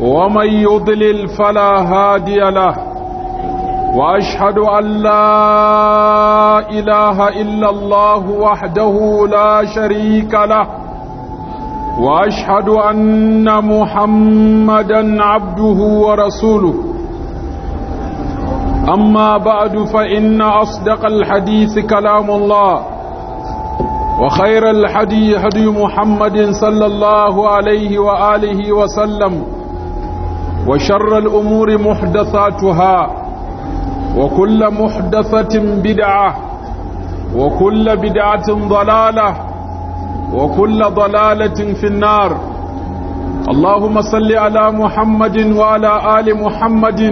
ومن يضلل فلا هادي له وأشهد أن لا إله إلا الله وحده لا شريك له وأشهد أن محمدا عبده ورسوله أما بعد فإن أصدق الحديث كلام الله وخير الحديث هدي محمد صلى الله عليه وآله وسلم وشر الأمور محدثاتها وكل محدثة بدعة وكل بدعة ضلالة وكل ضلالة في النار اللهم صل على محمد وعلى آل محمد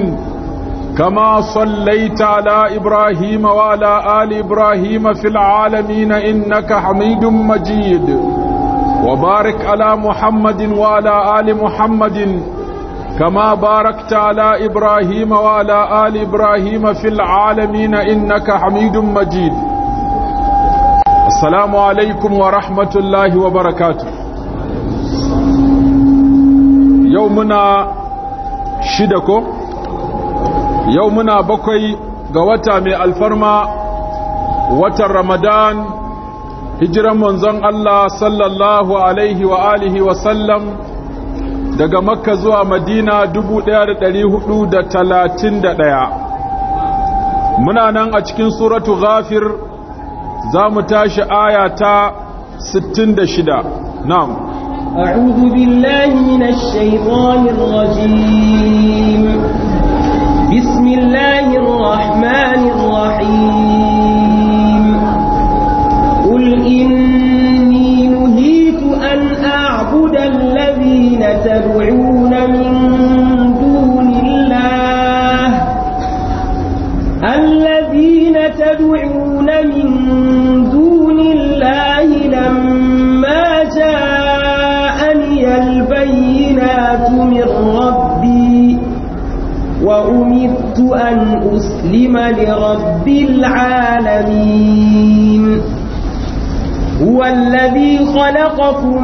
كما صليت على إبراهيم وعلى آل إبراهيم في العالمين إنك حميد مجيد وبارك على محمد وعلى آل محمد كما باركت على إبراهيم وعلى آل إبراهيم في العالمين إنك حميد مجيد السلام عليكم ورحمة الله وبركاته يومنا شدكو يومنا بكي قوتا من الفرما وتر رمضان hijiran manzon Allah sallallahu alaihi wa alihi wa sallam daga makka zuwa madina 1431 muna nan a cikin suratu ghafir za mu tashi aya ta 66 na'am أعوذ billahi من rajim فسقطوا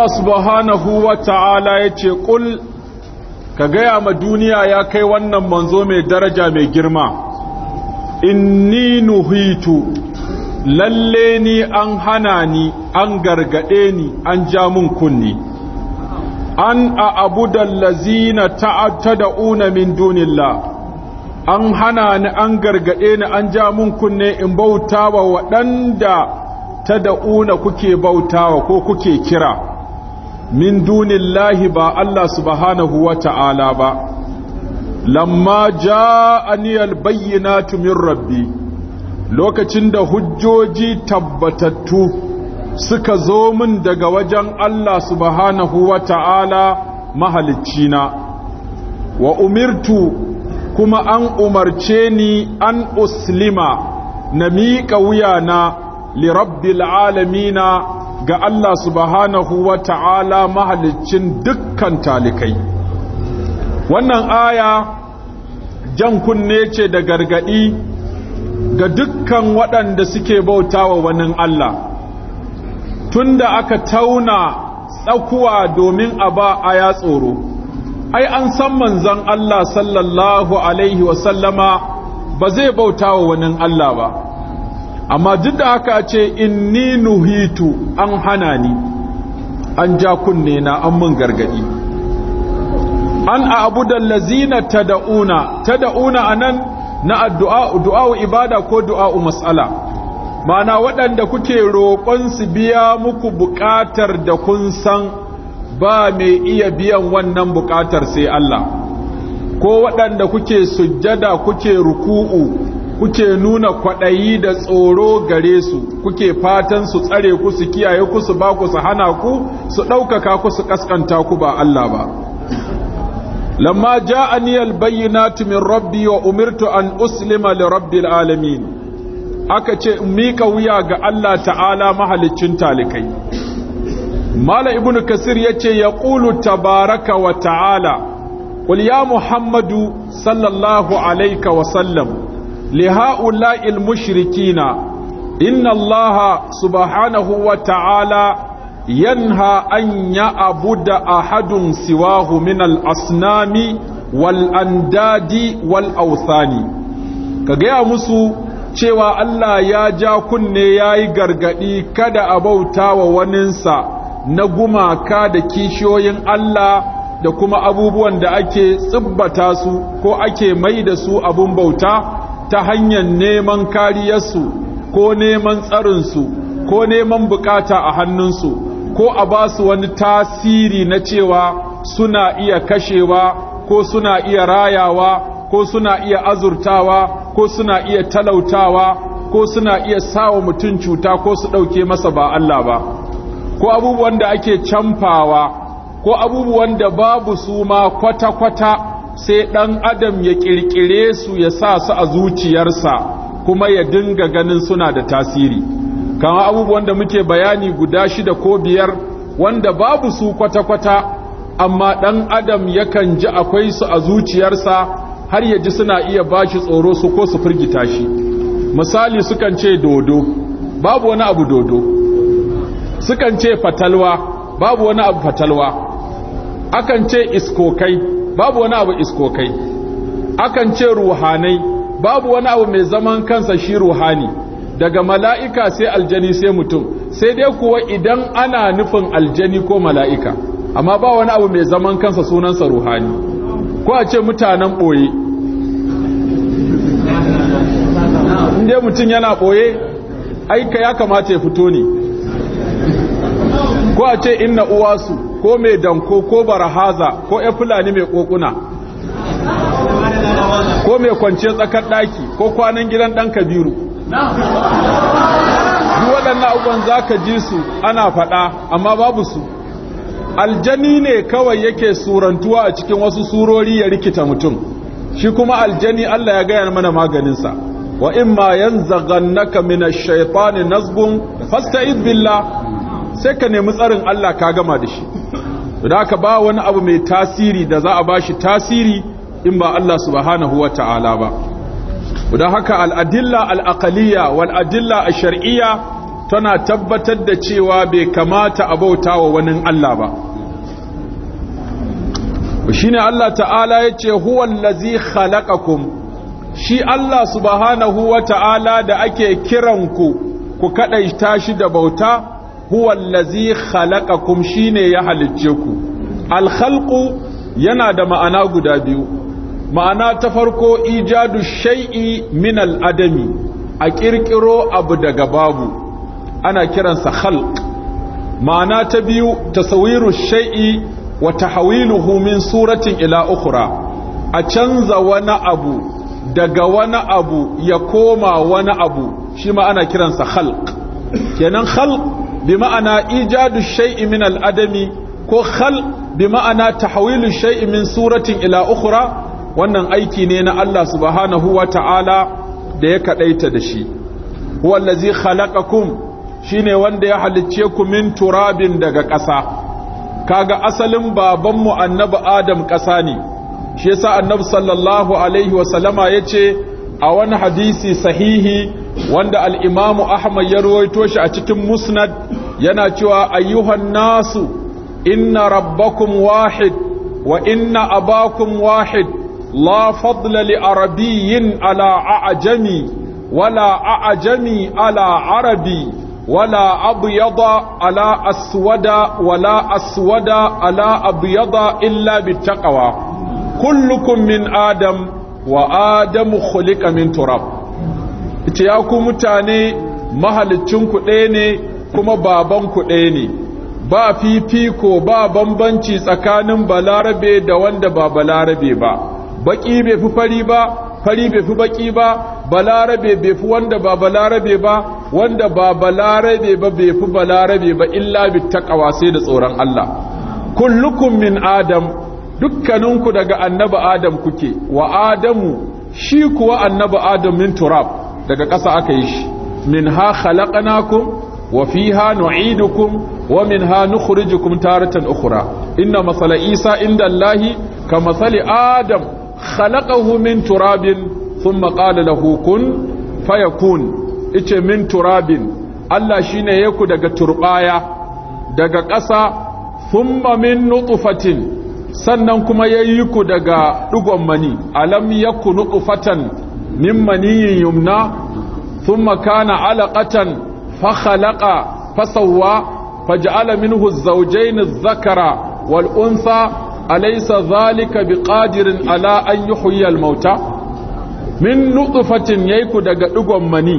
Allah subhanahu wa ta'ala ya ce ƙul ka gaya ma duniya ya kai wannan manzo mai daraja mai girma inni nuhitu lalle ni an hana ni an gargaɗe ni an ja mun kunni an a abu dallazina ta'atta da una min dunilla, an hana ni an gargaɗe ni an ja mun kunne in bauta wa waɗanda ta da'una kuke bautawa ko kuke kira min lahi ba Allah subhanahu wa ta'ala ba lamma ja'ani bayyana min rabbi lokacin da hujjoji tabbatattu suka zo min daga wajen Allah subhanahu wa ta'ala mahaliccina wa umirtu kuma an umarce ni an uslima na miƙa wuyana li rabbil alamina ga Allah subhanahu wa ta'ala mahalicin dukkan talikai wannan aya jan kunne ce da gargadi ga dukkan waɗanda suke bauta wa wani Allah tunda aka tauna tsakuwa domin a ba a ya tsoro ai an san manzon Allah sallallahu alaihi wasallama ba zai bauta wa wani Allah ba amma duk da haka ce in ni nuhitu an hana ni an ja kunne na an mun gargadi an a abu da'una lazina da'una a nan na addu'a du'a ibada ko du'a matsala ma'ana waɗanda kuke roƙon su biya muku buƙatar da kun san ba mai iya biyan wannan buƙatar sai Allah ko waɗanda kuke sujjada kuke ruku'u kuke nuna kwaɗayi da tsoro gare su kuke fatan su tsare ku su kiyaye ku su ba ku su hana ku su ɗaukaka ku su ƙasƙanta ku ba Allah ba lamma ja ja'ani bayyana min rabbi wa umirtu an uslima li rabbil alamin aka ce mika wuya ga Allah ta'ala mahalicin talikai mala ibnu kasir yace yaqulu tabaraka wa ta'ala qul ya muhammadu sallallahu alayka wa sallam li ha'ula'il mushrikina inna سبحانه subhanahu wa ta'ala yanha أحد سواه ahadun siwahu والأنداد al-asnami wal wal Ausani, ka gaya musu cewa Allah ya ja kunne yayi gargadi kada a bauta wa waninsa na gumaka da kishiyoyin Allah da kuma abubuwan da ake tsibbata su ko ake mai da su abun bauta ta hanyar neman kariyarsu ko neman tsarinsu ko neman bukata a hannunsu ko a ba su wani tasiri na cewa suna iya kashewa ko suna iya rayawa ko suna iya azurtawa ko suna iya talautawa ko suna iya sawa mutum cuta ko su ɗauke masa ba Allah ba ko abubuwan da ake camfawa ko abubuwan da babu su ma kwata-kwata sai ɗan adam ya ƙirƙire su ya sa su a zuciyarsa kuma ya dinga ganin suna da tasiri kama abubuwan da muke bayani guda shida ko biyar wanda babu su kwata-kwata amma ɗan adam yakan ji akwai su a zuciyarsa har ya ji suna iya bashi tsoro su ko su firgita shi misali sukan ce dodo babu wani abu dodo sukan ce fatalwa babu wani abu fatalwa akan ce iskokai babu wani abu iskokai akan ce ruhanai babu wani abu mai zaman kansa shi ruhani daga mala'ika sai aljani sai mutum sai dai kuwa idan ana nufin aljani ko mala'ika amma ba wani abu mai zaman kansa sunansa ruhani ko a ce mutanen ɓoye inda mutum yana ɓoye aika ya kamata ya fito ne ko a ce inna uwasu ko mai danko ko barahaza ko ya fulani mai kokuna ko mai kwance tsakar daki ko kwanan gidan dan kabiru duk waɗannan abubuwan za ka ji su ana faɗa amma babu su aljani ne kawai yake surantuwa a cikin wasu surori ya rikita mutum shi kuma aljani Allah ya gaya mana maganinsa wa imma yanzaghannaka minash shaitani nazbun fasta'id billah sai ka nemi tsarin Allah ka gama da shi da ba wani abu mai tasiri da za a bashi tasiri in ba Allah subhanahu wa ta'ala ba da haka al'adilla al'akaliya wal'adilla a shari'iyya tana tabbatar da cewa bai kamata a bauta wa wani Allah ba shi ne Allah ta'ala ya ce huwan lazi halakakun shi Allah subhanahu wa ta'ala da ake kiranku ku kaɗaita tashi da bauta huwa kum khalaqakum shine ya halicce ku al khalqu yana da ma'ana guda biyu ma'ana ta farko ijadu shay'i min al adami a kirkiro abu daga babu ana kiransa khalq ma'ana ta biyu tasawiru shay'i wa tahwiluhu min suratin ila ukhra a canza wani abu daga wani abu ya koma wani abu shi ma ana kiransa khalq kenan khalq bi ma'ana ijadu shay'i min al'adami ko hal bi ma'ana tahwilu shay'i min suratin ila ukhra wannan aiki ne na Allah subhanahu wa ta'ala da ya kaɗaita da shi huwa allazi khalaqakum shine wanda ya halicce ku min turabin daga ƙasa kaga asalin babanmu annabi adam ƙasa ne shi yasa annabi sallallahu alaihi wa ya ce. a wani hadisi sahihi wanda al'imamu ahmad ya ruwaito shi a cikin musnad yana cewa ayyuhan nasu inna rabbakum wahid wa inna abakum wahid la fadla li arabiyyin ala a'jami wala a'jami ala arabi wala abyada ala aswada wala aswada ala abyada illa bittaqwa kullukum min adam wa adamu khuliqa min turab ita ya ku mutane mahalicin ku ɗaya ne kuma baban ku ɗaya ne ba fifiko ba bambanci tsakanin balarabe da wanda ba balarabe ba baki bai fi fari ba fari bai fi baki ba balarabe bai fi wanda ba balarabe ba wanda ba balarabe ba bai fi balarabe ba illa bi taqwa sai da tsoron Allah kullukum min adam dukkaninku daga annabi adam kuke wa adamu shi kuwa annabi adam min turab daga ƙasa aka yi shi min ha khalaqnakum wa fiha nu'idukum wa minha nukhrijukum taratan ukhra inna masala isa inda allahi ka masali adam khalaqahu min turabin thumma qala lahu kun fayakun ice min turabin allah shine yaku daga turbaya daga ƙasa thumma min nutfatin sannan kuma ya yi ku daga ɗugon mani alam ya kunu ƙufatan min maniyin yumna sun makana alaƙatan fakhalaƙa fasawa faja'ala minhu zaujaini zakara wal unsa alaysa zalika ƙadirin ala an yuhyi mauta min nutfatin yayku daga ɗugon mani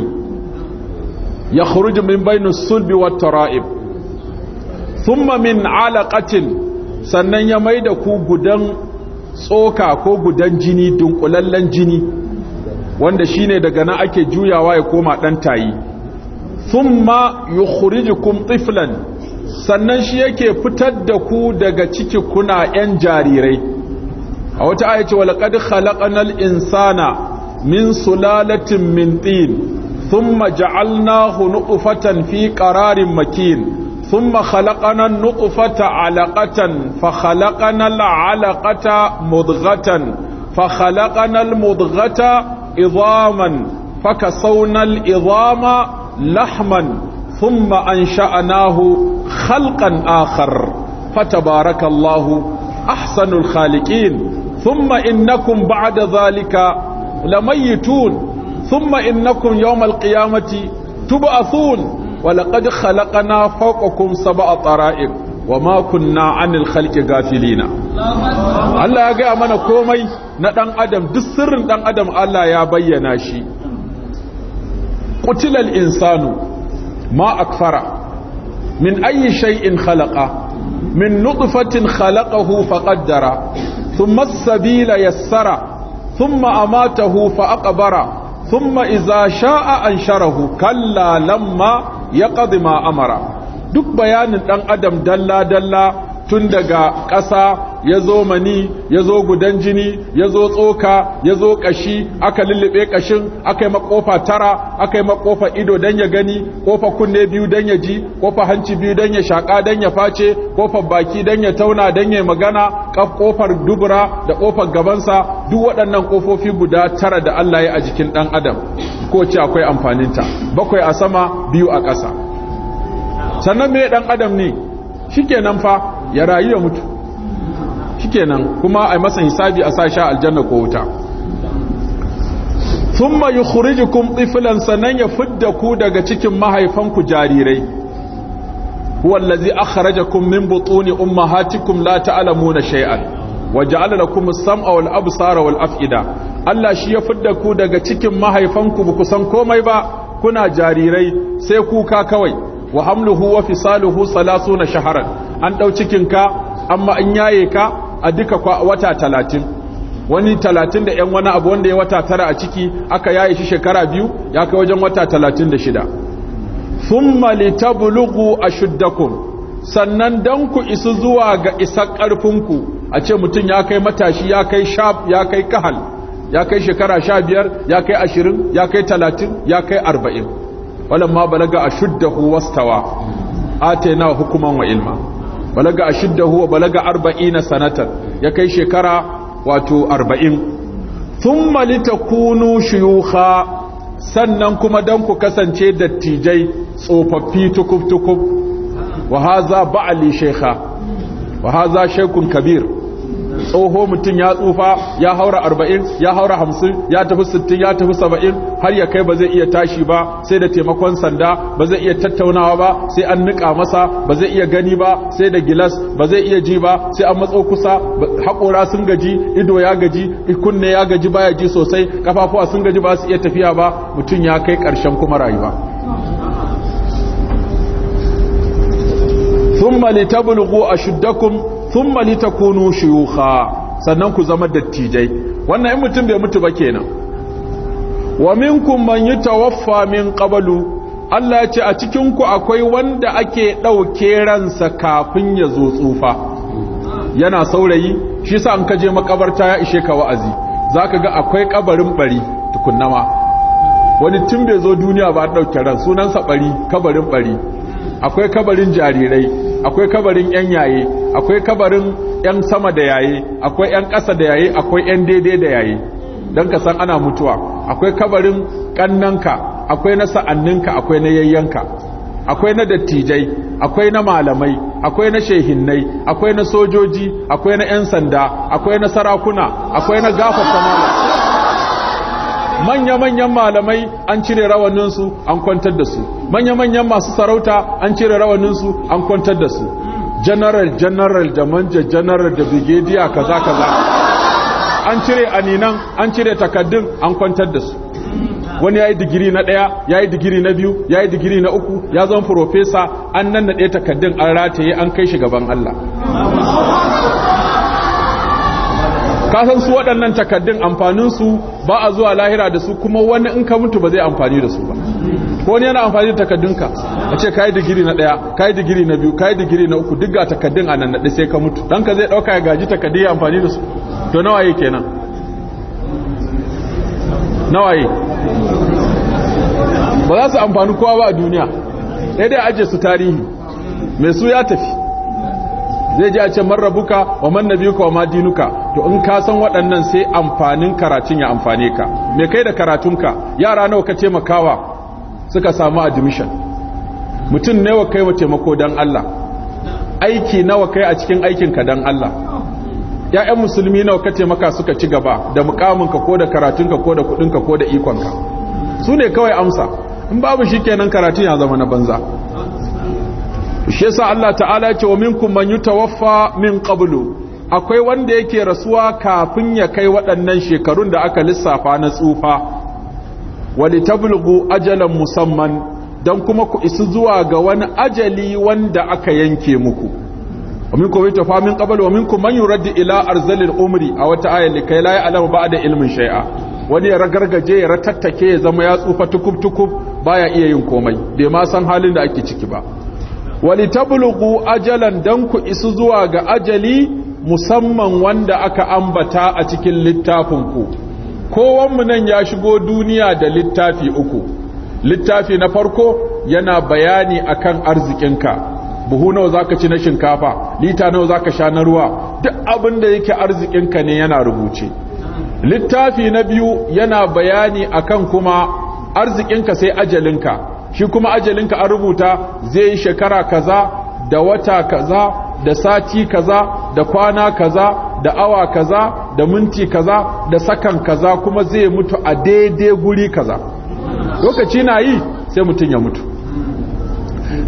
yakhruju min bayni sulbi wat tara'ib thumma min alaqatin sannan ya mai da ku gudan tsoka ko gudan jini dunkulallen jini wanda shi ne daga na ake juyawa ya koma ɗan tayi thumma kun tsiflan sannan shi yake fitar da ku daga ciki kuna yan jarirai a wata aya ce walaqad khalaqnal insana min sulalatin min ja'al na hunu ƙufatan fi ƙararin makin ثم خلقنا النطفة علقة فخلقنا العلقة مضغة فخلقنا المضغة عظاما فكسونا العظام لحما ثم أنشأناه خلقا آخر فتبارك الله أحسن الخالقين ثم إنكم بعد ذلك لميتون ثم إنكم يوم القيامة تبعثون ولقد خلقنا فوقكم سبع طرائق وما كنا عن الخلق غافلين الله ya gaya mana komai na dan adam duk sirrin dan adam Allah ya bayyana shi qutilal insanu ma akfara min ayi shay'in khalaqa min nutfatin khalaqahu faqaddara thumma as-sabila yassara thumma amatahu fa aqbara thumma a sha'a ansharahu kalla lamma ya ƙazima ma amara duk bayanin ɗan adam dalla dalla tun daga ƙasa ya zo mani ya zo gudan jini ya zo tsoka ya zo ƙashi aka lullube ƙashin aka yi makofa tara aka yi makofa ido don ya gani kofa kunne biyu don ya ji kofa hanci biyu don ya shaƙa don ya face kofar baki don ya tauna dan ya magana kofar dubura da kofar gabansa duk waɗannan kofofi guda tara da Allah ya a jikin ɗan adam ko ce akwai amfaninta bakwai a sama biyu a ƙasa sannan me ɗan adam ne shikenan fa ya rayu ya mutu shikenan kuma a masa hisabi a sa sha aljanna ko wuta thumma yukhrijukum tiflan sanan ya fidda ku daga cikin mahaifanku jarirai wallazi allazi akhrajakum min butuni ummahatikum la ta'lamuna shay'an shai'a ja'ala lakum as-sam'a wal absara wal af'ida Allah shi ya fidda ku daga cikin mahaifanku ba ku san komai ba kuna jarirai sai kuka kawai wa hamluhu wa fisaluhu salasuna shaharan an dau cikin ka amma an yaye ka a duka wata talatin wani talatin da 'yan wani abu wanda ya wata tara a ciki aka yaye shi shekara biyu ya kai wajen wata talatin da shida Sun bulugu a shuddakun sannan dan ku isu zuwa ga isa ƙarfinku a ce mutum ya kai matashi ya kai shab ya kai kahal ya kai shekara sha biyar ya kai ashirin ya kai talatin ya kai arba'in walamma balaga a ashuddahu wastawa atena hukuman wa ilma balaga ashiddahu wa balaga na sanatan ya kai shekara wato arba'in thumma litakunu shuyukha sannan kuma dan ku kasance dattijai tsofaffi tukuf tukuf wa hadha ba'li shaykha wa hadha kabir tsoho mutum ya tsufa ya haura arba'in ya haura hamsin ya tafi sittin ya tafi saba'in har ya kai ba zai iya tashi ba sai da taimakon sanda ba zai iya tattaunawa ba sai an niƙa masa ba zai iya gani ba sai da gilas ba zai iya ji ba sai an matso kusa haƙora sun gaji ido ya gaji ikunne ya gaji baya ji sosai kafafuwa sun gaji ba su iya tafiya ba mutum ya kai ƙarshen kuma rayuwa ثم لتبلغوا أشدكم thumma takunu shuyukha sannan ku zama dattijai wannan in mutum bai mutu ba kenan wa minkum man yatawaffa min qablu Allah ya ce a cikin ku akwai wanda ake dauke ransa kafin ya zo tsufa yana saurayi shi yasa an kaje makabarta ya ishe ka wa'azi zaka ga akwai kabarin bari tukunnama wani tun bai zo duniya ba dauke ran sunansa bari kabarin bari akwai kabarin jarirai akwai kabarin yan yaye akwai kabarin yan sama da yaye akwai yan ƙasa da yaye akwai yan daidai da yaye don ka san ana mutuwa akwai kabarin ƙannanka akwai na sa'anninka akwai na yayyanka akwai na dattijai akwai na malamai akwai na shehinnai akwai na sojoji akwai na 'yan sanda akwai na sarakuna akwai na gafa malamai manya-manyan malamai an cire rawaninsu an kwantar da su manya-manyan masu sarauta an cire rawaninsu an kwantar da su general general da manja general da brigadier kaza kaza an cire aninan an cire takaddun an kwantar da su wani ya yi digiri na ɗaya ya yi digiri na biyu ya yi digiri na uku ya zama professor an nan na ɗaya takaddun an rataye an kai shi gaban Allah kasan su waɗannan takaddun amfaninsu ba a zuwa lahira da su kuma wani in ka mutu ba zai amfani da su ba ko wani yana amfani da takaddunka a ce ka yi digiri na ɗaya ka yi digiri na biyu ka yi digiri na uku duk ga takaddun a nan sai ka mutu dan ka zai dauka ya gaji takaddi ya amfani da su to waye kenan waye? ba za su amfani kowa ba a duniya sai dai aje su tarihi mai su ya tafi zai ji a ce mara buka wa manna nabiyuka wa ma dinuka to in ka san waɗannan sai amfanin karatun ya amfane ka me kai da karatunka yara nawa ka taimakawa suka samu admission mutum nawa kai wa taimako dan Allah aiki nawa kai a cikin aikinka dan Allah ya'yan musulmi nawa ka taimaka suka ci gaba da mukaminka ko da karatunka ko da kudinka ko da ikonka su ne kawai amsa in babu shi kenan karatun ya zama na banza shi yasa Allah ta'ala ya ce wa minkum man yutawaffa min qablu akwai wanda yake rasuwa kafin ya kai waɗannan shekarun da aka lissafa na tsufa walitablugu ajalan musamman dan kuma ku isu zuwa ga wani ajali wanda aka yanke muku wa minkum yutawaffa min qablu wa minkum man yurad ila arzalil umri a wata aya kai la ya'lamu ba'da ilmin shay'a wani ya ragargaje ya ratattake ya zama ya tsufa tukub tukub baya iya yin komai bai ma san halin da ake ciki ba wali tabluqu ajalan dan ku isu zuwa ga ajali musamman wanda aka ambata a cikin littafinku? ku kowanmu nan ya shigo duniya da littafi uku littafi na farko yana bayani kan arzikinka buhu nawa zaka ci na shinkafa lita nawa zaka sha na ruwa duk abin da yake arzikinka ne yana rubuce littafi na biyu yana bayani akan kuma arzikinka sai ajalinka shi kuma ajalinka an rubuta zai yi shekara kaza da wata kaza da sati kaza da kwana kaza da awa kaza da minti kaza da sakan kaza kuma zai mutu a daidai guri kaza lokaci na yi sai mutum ya mutu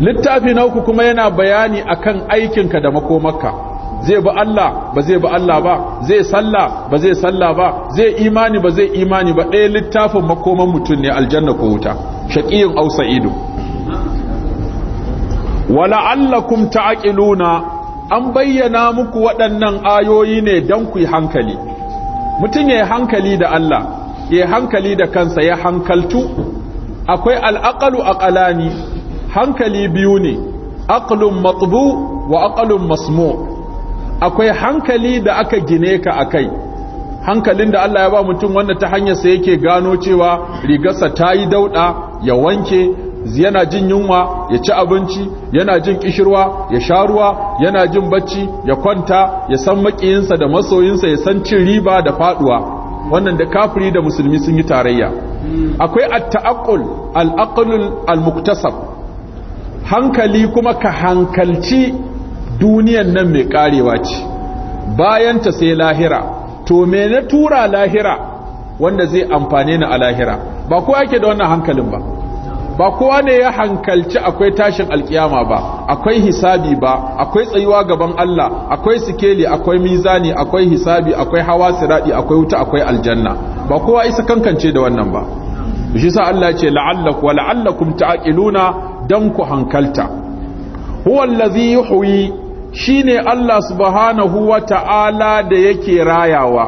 littafi na uku kuma yana bayani akan aikinka da makomarka zai ba Allah ba zai ba Allah ba zai salla ba zai salla ba zai imani ba zai imani ba ɗaya littafin makoman mutum ne aljanna ko wuta shaqiyun ausa ido wala'allakum ta'qiluna an bayyana muku waɗannan ayoyi ne don ku yi hankali mutum ya hankali da Allah ya hankali da kansa ya hankaltu akwai al'aqalu aqalani hankali biyu ne aqlun matbu wa aqlun masmo akwai hankali da aka gine ka kai hankalin da Allah ya ba mutum wanda ta hanyar sa yake gano cewa rigarsa ta yi dauɗa ya wanke yana jin yunwa ya ci abinci yana jin kishirwa ya sha ruwa yana jin bacci ya kwanta ya san makiyinsa da masoyinsa ya san cin riba da faduwa wannan da kafiri da musulmi sun yi tarayya akwai at-ta'aqqul al-aqlul al-muktasab hankali kuma ka hankalci duniyan nan mai karewa ce bayan ta sai lahira to me na tura lahira wanda zai amfane ni a lahira ba ko yake da wannan hankalin ba ba kowa ne ya hankalci akwai tashin alkiyama ba akwai hisabi ba akwai tsayuwa gaban Allah akwai sikeli akwai mizani akwai hisabi akwai hawa siradi akwai wuta akwai aljanna ba kowa isa kankance da wannan ba shi sa Allah ce la'allakum la'allakum ta'qiluna dan ku hankalta huwa allazi yuhyi shine Allah subhanahu wata'ala da yake rayawa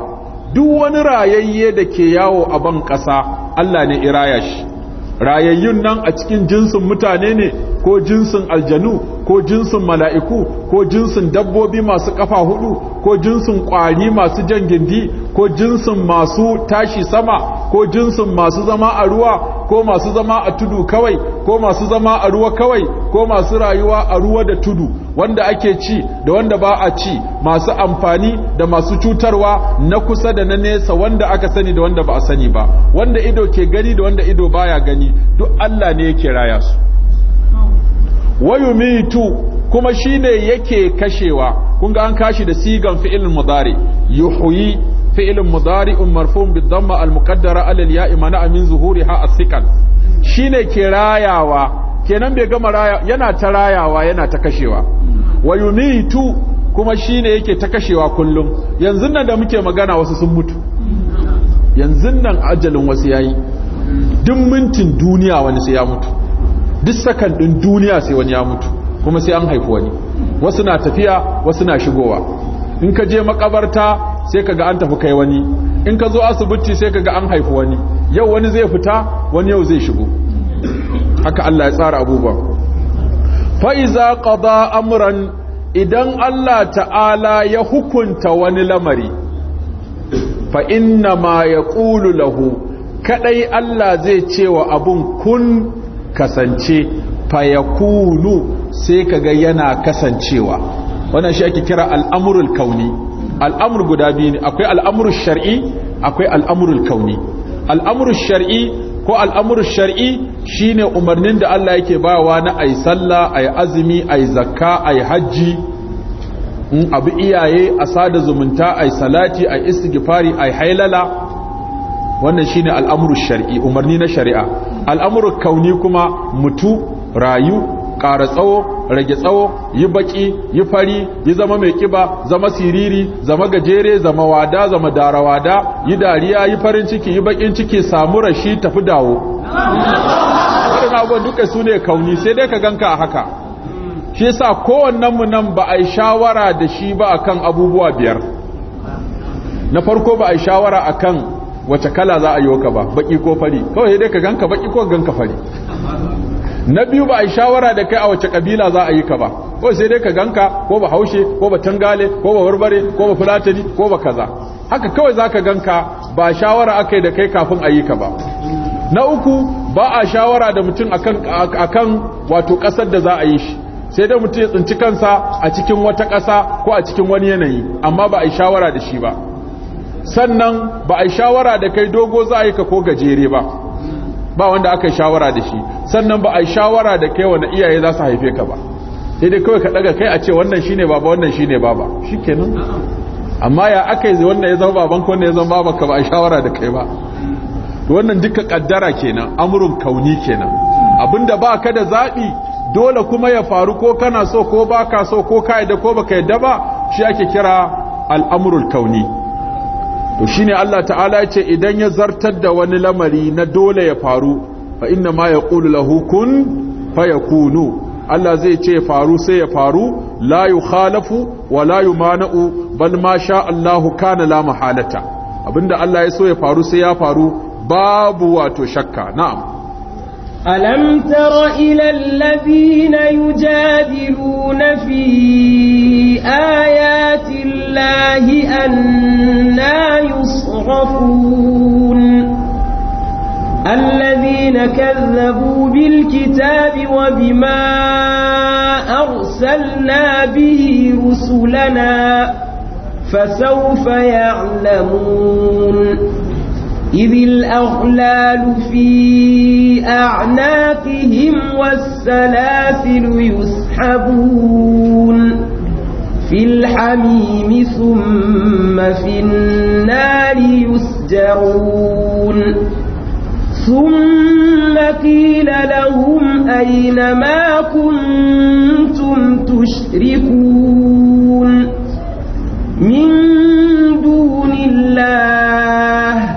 duk wani rayayye da ke yawo a ban ƙasa Allah ne iraya shi rayayyun nan a cikin jinsin mutane ne ko jinsin aljanu ko jinsin mala'iku ko jinsin dabbobi masu ƙafa hudu ko jinsin ƙwari masu jan gindi ko jinsin masu tashi sama ko jinsin masu zama a ruwa ko masu zama a tudu kawai ko masu zama a ruwa kawai ko masu rayuwa a ruwa da tudu wanda ake ci da wanda ba a ci masu amfani da masu cutarwa na kusa da na nesa wanda aka sani da wanda ba a sani ba wanda ido ke gani da wanda ido baya gani duk Allah ne yake raya su wayumitu kuma shine yake kashewa kun ga an kashi da sigan fi'ilin mudari yuhyi fi'ilin mudari marfu'un bid damma al muqaddara al ya'i mana min zuhuriha as shine ke rayawa kenan bai gama raya yana ta rayawa yana ta kashewa wayumitu kuma shine yake ta kashewa kullum yanzu nan da muke magana wasu sun mutu yanzu nan ajalin wasu yayi duk mintin duniya wani sai ya mutu duk sakan din duniya sai wani ya mutu kuma sai an haifi wani wasu na tafiya wasu na shigowa in ka je makabarta sai kaga an tafi kai wani in ka zo asibiti sai kaga an haifi wani yau wani zai fita wani yau zai shigo haka Allah ya tsara abubuwan fa iza qada amran idan Allah ta'ala ya hukunta wani lamari fa inna ma yaqulu lahu kadai Allah zai cewa abun kun kasance fayakunu sai kaga yana kasancewa wannan shi ake kira al'amurul kauni al'amur guda biyu ne akwai al'amurul shar'i akwai al'amurul kauni al'amurul shar'i ko al'amurul shar'i shine umarnin da Allah yake bawa na ai sallah ai azumi ai zakka ai hajji in abu iyaye a sada zumunta ai salati ai istighfari ai hailala wannan shine al'amurul shar'i umarni na shari'a al'amuru kauni kuma mutu rayu ƙara tsawo rage tsawo yi baƙi, yi fari yi zama mai ƙiba, zama siriri zama gajere zama wada zama darawada yi dariya yi farin ciki yi baƙin ciki samu rashi tafi dawo na abubuwan duka su ne kauni sai dai ka ganka a haka shi sa mu nan ba a yi shawara da shi ba akan abubuwa biyar na farko ba a yi shawara akan wace kala za a yi waka ba baki ko fari kawai dai ka ganka baki ko ganka fari na biyu ba a yi shawara da kai a wace kabila za a yi ka ba ko sai dai ka ganka ko ba haushe ko ba tangale ko ba ko ba fulatani ko ba kaza haka kawai za ka ganka ba shawara aka yi da kai kafin a yi ka ba na uku ba a shawara da mutum akan wato kasar da za a yi shi sai dai mutum ya tsinci kansa a cikin wata kasa ko a cikin wani yanayi amma ba a yi shawara da shi ba sannan ba a yi shawara da kai dogo za a yi ka ko gajere ba ba wanda aka yi shawara da shi sannan ba a yi shawara da kai wanda iyaye za su haife ka ba sai dai kawai ka daga kai a ce wannan shi ne baba wannan shi ne baba shikenan amma ya aka yi wannan ya zama baban ko wannan ya zama baba ka ba a yi shawara da kai ba wannan duka kaddara kenan amurin kauni kenan abinda ba ka da zaɓi dole kuma ya faru ko kana so ko baka so ko ka yadda ko baka yadda ba shi ake kira al'amurul kauni to shine Allah ta'ala ya ce idan ya zartar da wani lamari na dole ya faru fa inna ma yaqulu lahu kun fayakunu Allah zai ce faru sai ya faru la yukhalafu wa la yumana'u bal ma sha Allahu kana la mahalata abinda Allah ya so ya faru sai ya faru babu wato shakka na'am ألم تر إلى الذين يجادلون في آيات الله أنا يصرفون الذين كذبوا بالكتاب وبما أرسلنا به رسلنا فسوف يعلمون إذ الأغلال في أعناقهم والسلاسل يسحبون في الحميم ثم في النار يسجرون ثم قيل لهم أين ما كنتم تشركون من دون الله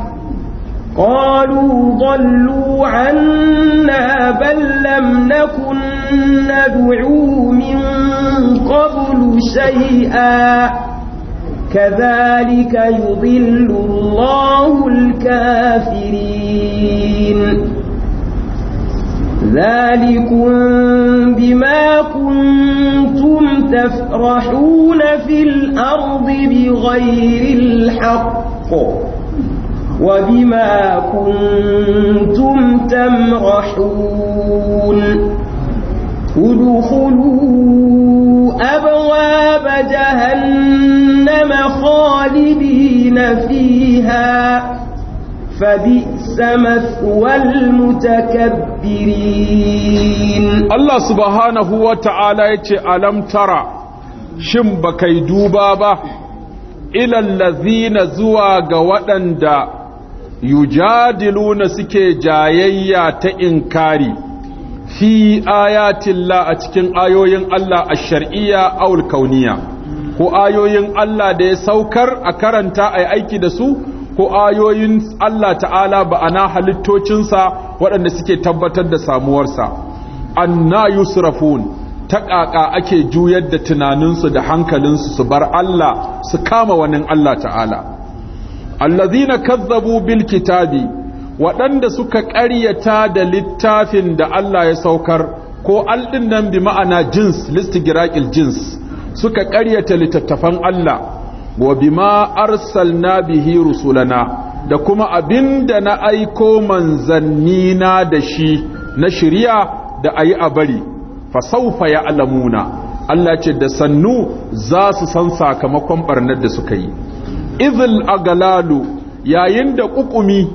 قالوا ضلوا عنا بل لم نكن ندعو من قبل شيئا كذلك يضل الله الكافرين ذلكم بما كنتم تفرحون في الأرض بغير الحق وبما كنتم تمرحون ادخلوا أبواب جهنم خالدين فيها فبئس مثوى المتكبرين الله سبحانه وتعالى يتي ألم ترى شمبك بكي إلى الذين زواج قوأن yujadiluna suke jayayya ta inkari fi tilla a cikin ayoyin Allah a shar'iyya awul kauniya ko ayoyin Allah da ya saukar a karanta a aiki da su ko ayoyin Allah ta'ala ba'ana halittocinsa waɗanda suke tabbatar da samuwarsa anna yusrafun ta ake juyar da tunaninsu da hankalinsu su bar Allah su kama wani Allah ta'ala allazina kazzabu bil kitabi waɗanda suka ƙaryata da littafin da Allah ya saukar ko aldin nan bi ma'ana jins listigiraqil jins suka ƙaryata littattafan Allah wa bima arsalna bihi rusulana da kuma abinda na aiko manzannina da shi na shiriya da ayi a bari fa saufa ya alamuna Allah ce da sannu za su san sakamakon barnar da suka yi izil agalalu yayin da ƙuƙumi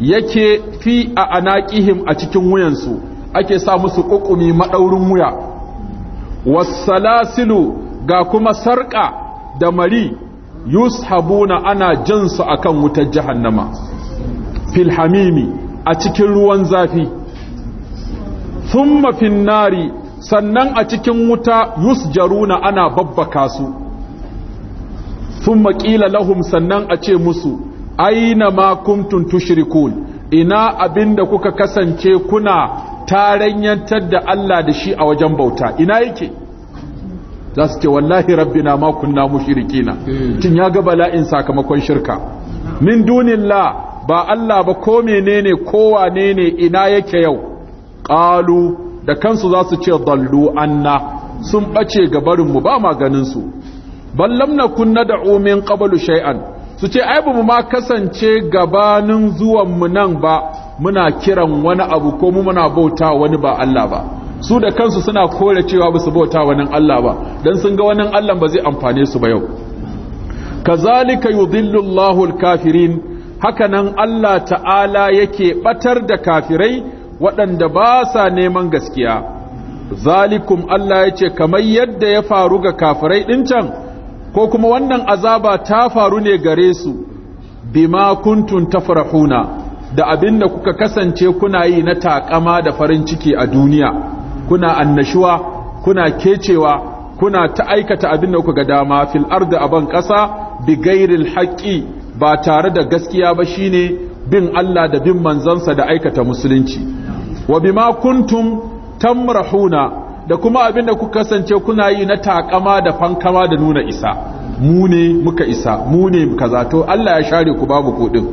yake fi a anaƙihim a cikin wuyansu ake sa musu ƙuƙumi maɗaurin wuya wasalasilu ga kuma sarƙa da mari yus habuna ana su akan wutar jahannama filhamimi a cikin ruwan zafi thumma fin nari sannan a cikin wuta yusjaruna ana babbaka su sun maƙila lahum sannan a ce musu aina ma kumtun tushrikun ina abinda kuka kasance kuna taranyantar da Allah da shi a wajen bauta ina yake za su ce wallahi rabbina ma kunna mushrikina kin hmm. ya ga bala'in sakamakon shirka min dunilla ba Allah ba ko menene kowa ne ina yake yau qalu da kansu za su ce dallu anna sun bace mu ba maganinsu bal lam nakun nad'u min qablu shay'an su ce ai bamu ma kasance gabanin zuwan mu nan ba muna kiran wani abu ko mu muna bauta wani ba Allah ba su da kansu suna kore cewa ba su bauta wani Allah ba dan sun ga wani Allah ba zai amfane su ba yau kazalika yudhillu Allahu al-kafirin hakanan Allah ta'ala yake batar da kafirai waɗanda ba sa neman gaskiya zalikum Allah ya kamar yadda ya faru ga kafirai ɗin can ko kuma wannan azaba ta faru ne gare su bima kuntun tafrahuna da abinda kuka kasance kuna yi na takama da farin ciki a duniya kuna annashuwa kuna kecewa kuna ta aikata abinda kuka ga dama fil ardi aban kasa bi ghairil haqqi ba tare da gaskiya ba shine bin Allah da bin manzansa da aikata musulunci wa bima kuntum tamrahuna da kuma abin da kuka kasance kuna yi na takama da fankama da nuna isa mu ne muka isa mu ne muka zato Allah ya share ku babu kudin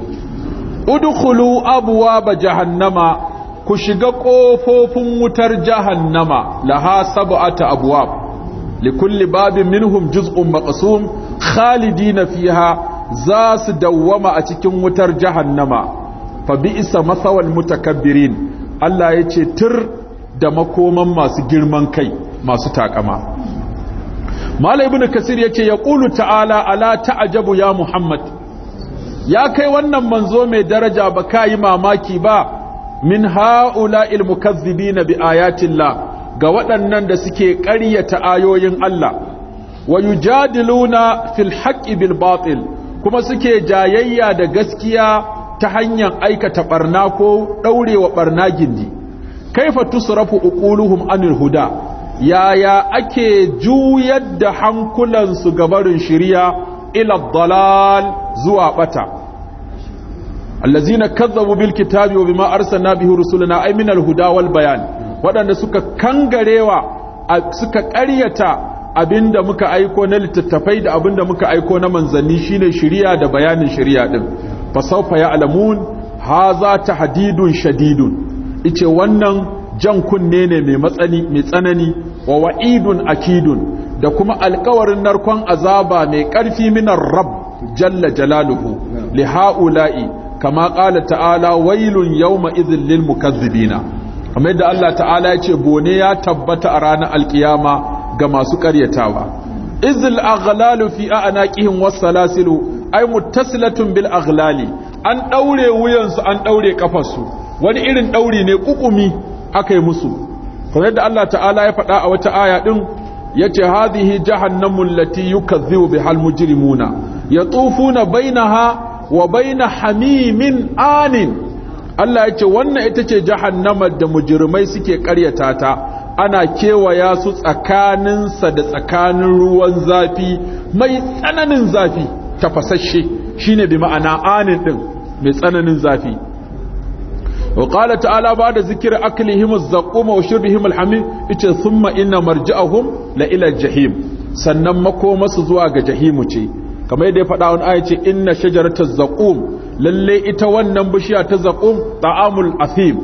udkhulu ba jahannama ku shiga kofofin wutar jahannama laha sab'ata abwaab likulli babin minhum juz'un maqsum khalidina fiha za su dawwama a cikin wutar jahannama fa bi'sa masawal mutakabbirin Allah yace tur. da makoman masu girman kai masu takama mala ibn kasir yace ya qulu ta'ala ala ta'jabu ya muhammad ya kai wannan manzo mai daraja ba kai mamaki ba min al mukazzibina bi ayatillah ga waɗannan da suke ƙaryata ayoyin Allah wa yujadiluna fil haqqi bil batil kuma suke jayayya da gaskiya ta hanyar aikata barna ko ɗaurewa barna gindi kaifa tusrafu uquluhum anil huda yaya ake juyar da hankulansu gabarin shiriya ila dalal zuwa bata allazina kazzabu bil kitabi wa bima arsalna bihi rusulana ay min al huda wal bayan wadanda suka kangarewa suka ƙaryata abinda muka aiko na littattafai da abinda muka aiko na manzanni shine shiriya da bayanin shiriya din fa sawfa ya'lamun hadha tahdidun shadidun ice wannan jan kunne ne mai matsani mai tsanani wa wa'idun akidun da kuma alkawarin narkon azaba mai ƙarfi minar rab jalla jalaluhu li ha'ula'i kama ƙala ta'ala wailun yawma idhil lil mukazzibina kamar yadda Allah ta'ala yace bone ya tabbata a ranar alkiyama ga masu ƙaryatawa izil aghlalu fi a'naqihim was ay muttasilatun bil aghlali an daure wuyansu an daure kafarsu wani irin ɗauri ne ƙuƙumi aka yi musu Kuma da Allah ta'ala ya faɗa a wata aya ɗin ya ce hadhihi jahannamul lati ya bihal bai na ha wa baina hamimin anin Allah ya ce wannan ita ce jahannamar da mujirmai suke ƙaryata ta ana kewaya su tsakaninsa da tsakanin ruwan zafi mai tsananin zafi tafasashe shine bi ma'ana anin din mai tsananin zafi wa qala ta'ala ba da zikir aklihim az-zaquma wa shurbihim al-hamim ita thumma inna marji'ahum la ila jahim sannan makomasu zuwa ga jahimu ce kamar yadda ya faɗa wani aya ce inna shajarata zaqum ita wannan bishiya ta zaqum ta'amul athim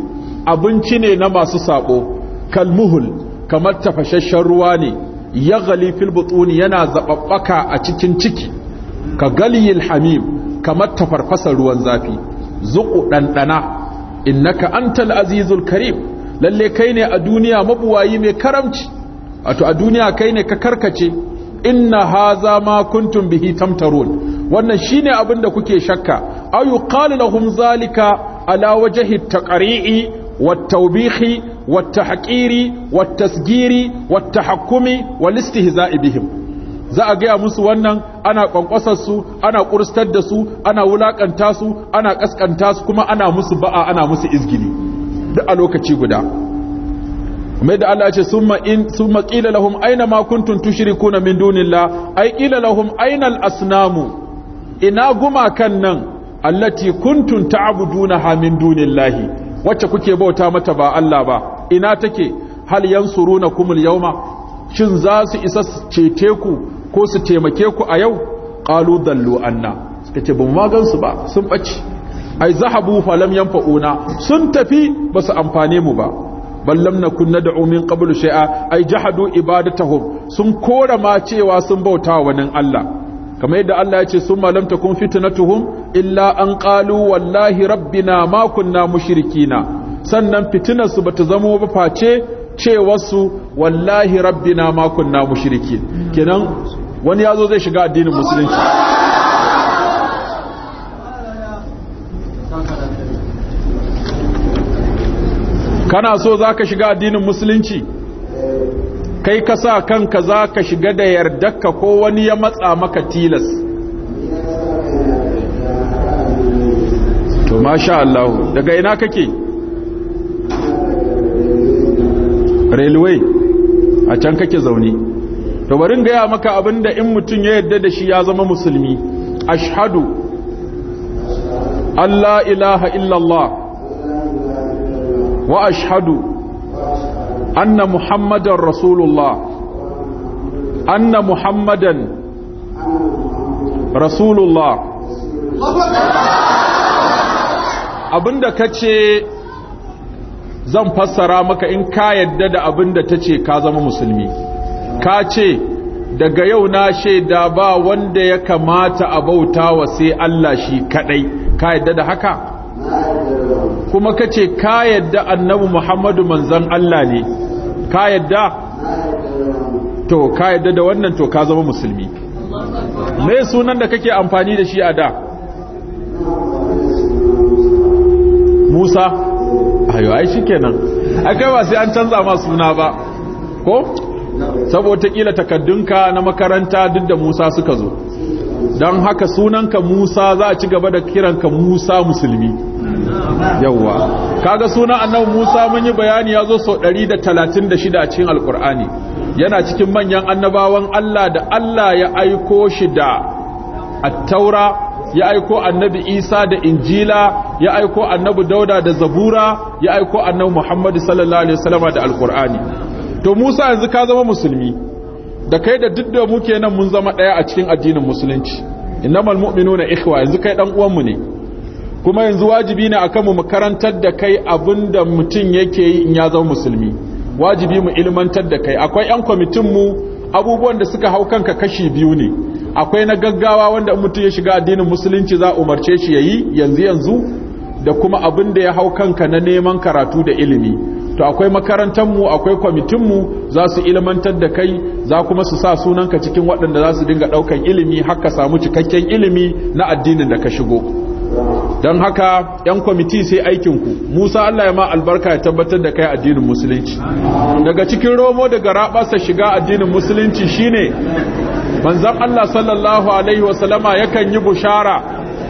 abinci ne na masu sako kalmuhul kamar tafashashen ruwa ne ya gali fil yana zaɓaɓɓaka a cikin ciki ka galiyil hamim kamar tafarfasa ruwan zafi Zuƙu ɗanɗana. innaka antal azizul karim lalle kai ne a duniya mabuwayi mai karamci wato a duniya kai ne ka karkace inna haza ma kuntum bihi tamtarun wannan shine abin da kuke shakka aw yuqalu lahum zalika ala wajhi taqri'i wat tawbihi wat tahqiri wat tasgiri wat tahakkumi wal istihza'i bihim za a gaya musu wannan ana kwankwasar su ana kurstar da su ana wulakanta su ana kaskanta su kuma ana musu ba'a ana musu izgili duk a lokaci guda mai da Allah ya ce summa in summa qila lahum aina ma kuntum tushrikuna min dunillahi ay qila lahum aina al-asnamu ina guma kan nan allati kuntum ta'buduna min dunillahi wacce kuke bauta mata ba Allah ba ina take hal yansurunakum kumul yawma shin za su isa cece ku ko su taimake ku a yau qalu dallu anna suka ce bamu magansu ba sun bace ai zahabu falam yanfa'una sun tafi ba su amfane mu ba ballam na kunna da min qablu shay'a ai jahadu ibadatahum sun kora ma cewa sun bauta wa nan Allah kamar yadda Allah ya ce sun malam ta kun fitnatuhum illa an ƙalu wallahi rabbina ma kunna mushrikina sannan fitinar su bata zamo ba face cewar wallahi rabbina ma kunna mushrikin kenan wani ya zo zai shiga addinin musulunci kana so za ka shiga addinin musulunci kai ka sa kanka za ka shiga da ka ko wani ya matsa maka tilas to masha Allah daga ina kake railway a can kake zaune to barin gaya maka abinda in mutum ya yadda da shi ya zama musulmi ashhadu Allah ilaha illallah wa ashhadu anna muhammadan rasulullah anna muhammadan rasulullah abinda kace zan fassara maka in ka yadda da abinda tace ka zama musulmi ka ce daga yau na shaida ba wanda ya kamata a bauta wa sai Allah shi kadai ka yadda da haka kuma ka ce ka yadda annabu Muhammadu manzan Allah ne ka yadda to ka yadda da wannan to ka zama musulmi me sunan da kake amfani da shi a da Musa ayo ai shi kenan. Ai kai ba sai an canza ma suna ba ko saboda kila takaddunka na makaranta duk da Musa suka zo don haka sunanka Musa za a ci gaba da kiranka Musa musulmi yawwa kaga sunan annabi Musa mun yi bayani ya zo sau da talatin 136 a cikin alkur'ani yana cikin manyan annabawan Allah da Allah ya aiko shi da Attaura ya aiko annabi Isa da Injila ya aiko annabi Dauda da Zabura ya aiko annabi Muhammadu sallallahu alaihi Wasallama da alkur'ani to Musa yanzu ka zama musulmi da kai da duk da muke nan mun zama ɗaya a cikin addinin musulunci innamal mu'minuna ikhwa yanzu kai dan uwanmu ne kuma yanzu wajibi ne akan mu mu karantar da kai abinda mutum yake yi in ya zama musulmi wajibi mu ilmantar da kai akwai yan kwamitin mu abubuwan da suka hau kanka kashi biyu ne akwai na gaggawa wanda mutum ya shiga addinin musulunci za umarce shi yayi yanzu yanzu da kuma abin da ya hau kanka na neman karatu da ilimi to akwai makarantar mu akwai kwamitinmu za su ilmantar da kai za kuma su sa sunanka cikin waɗanda za su dinga ɗaukan ilimi haka samu cikakken ilimi na addinin da ka shigo don haka 'yan kwamiti sai aikinku musa allah ya ma albarka ya tabbatar da kai addinin musulunci daga cikin romo daga raɓasa shiga addinin musulunci shine manzan allah sallallahu alaihi wasallama yakan yi bushara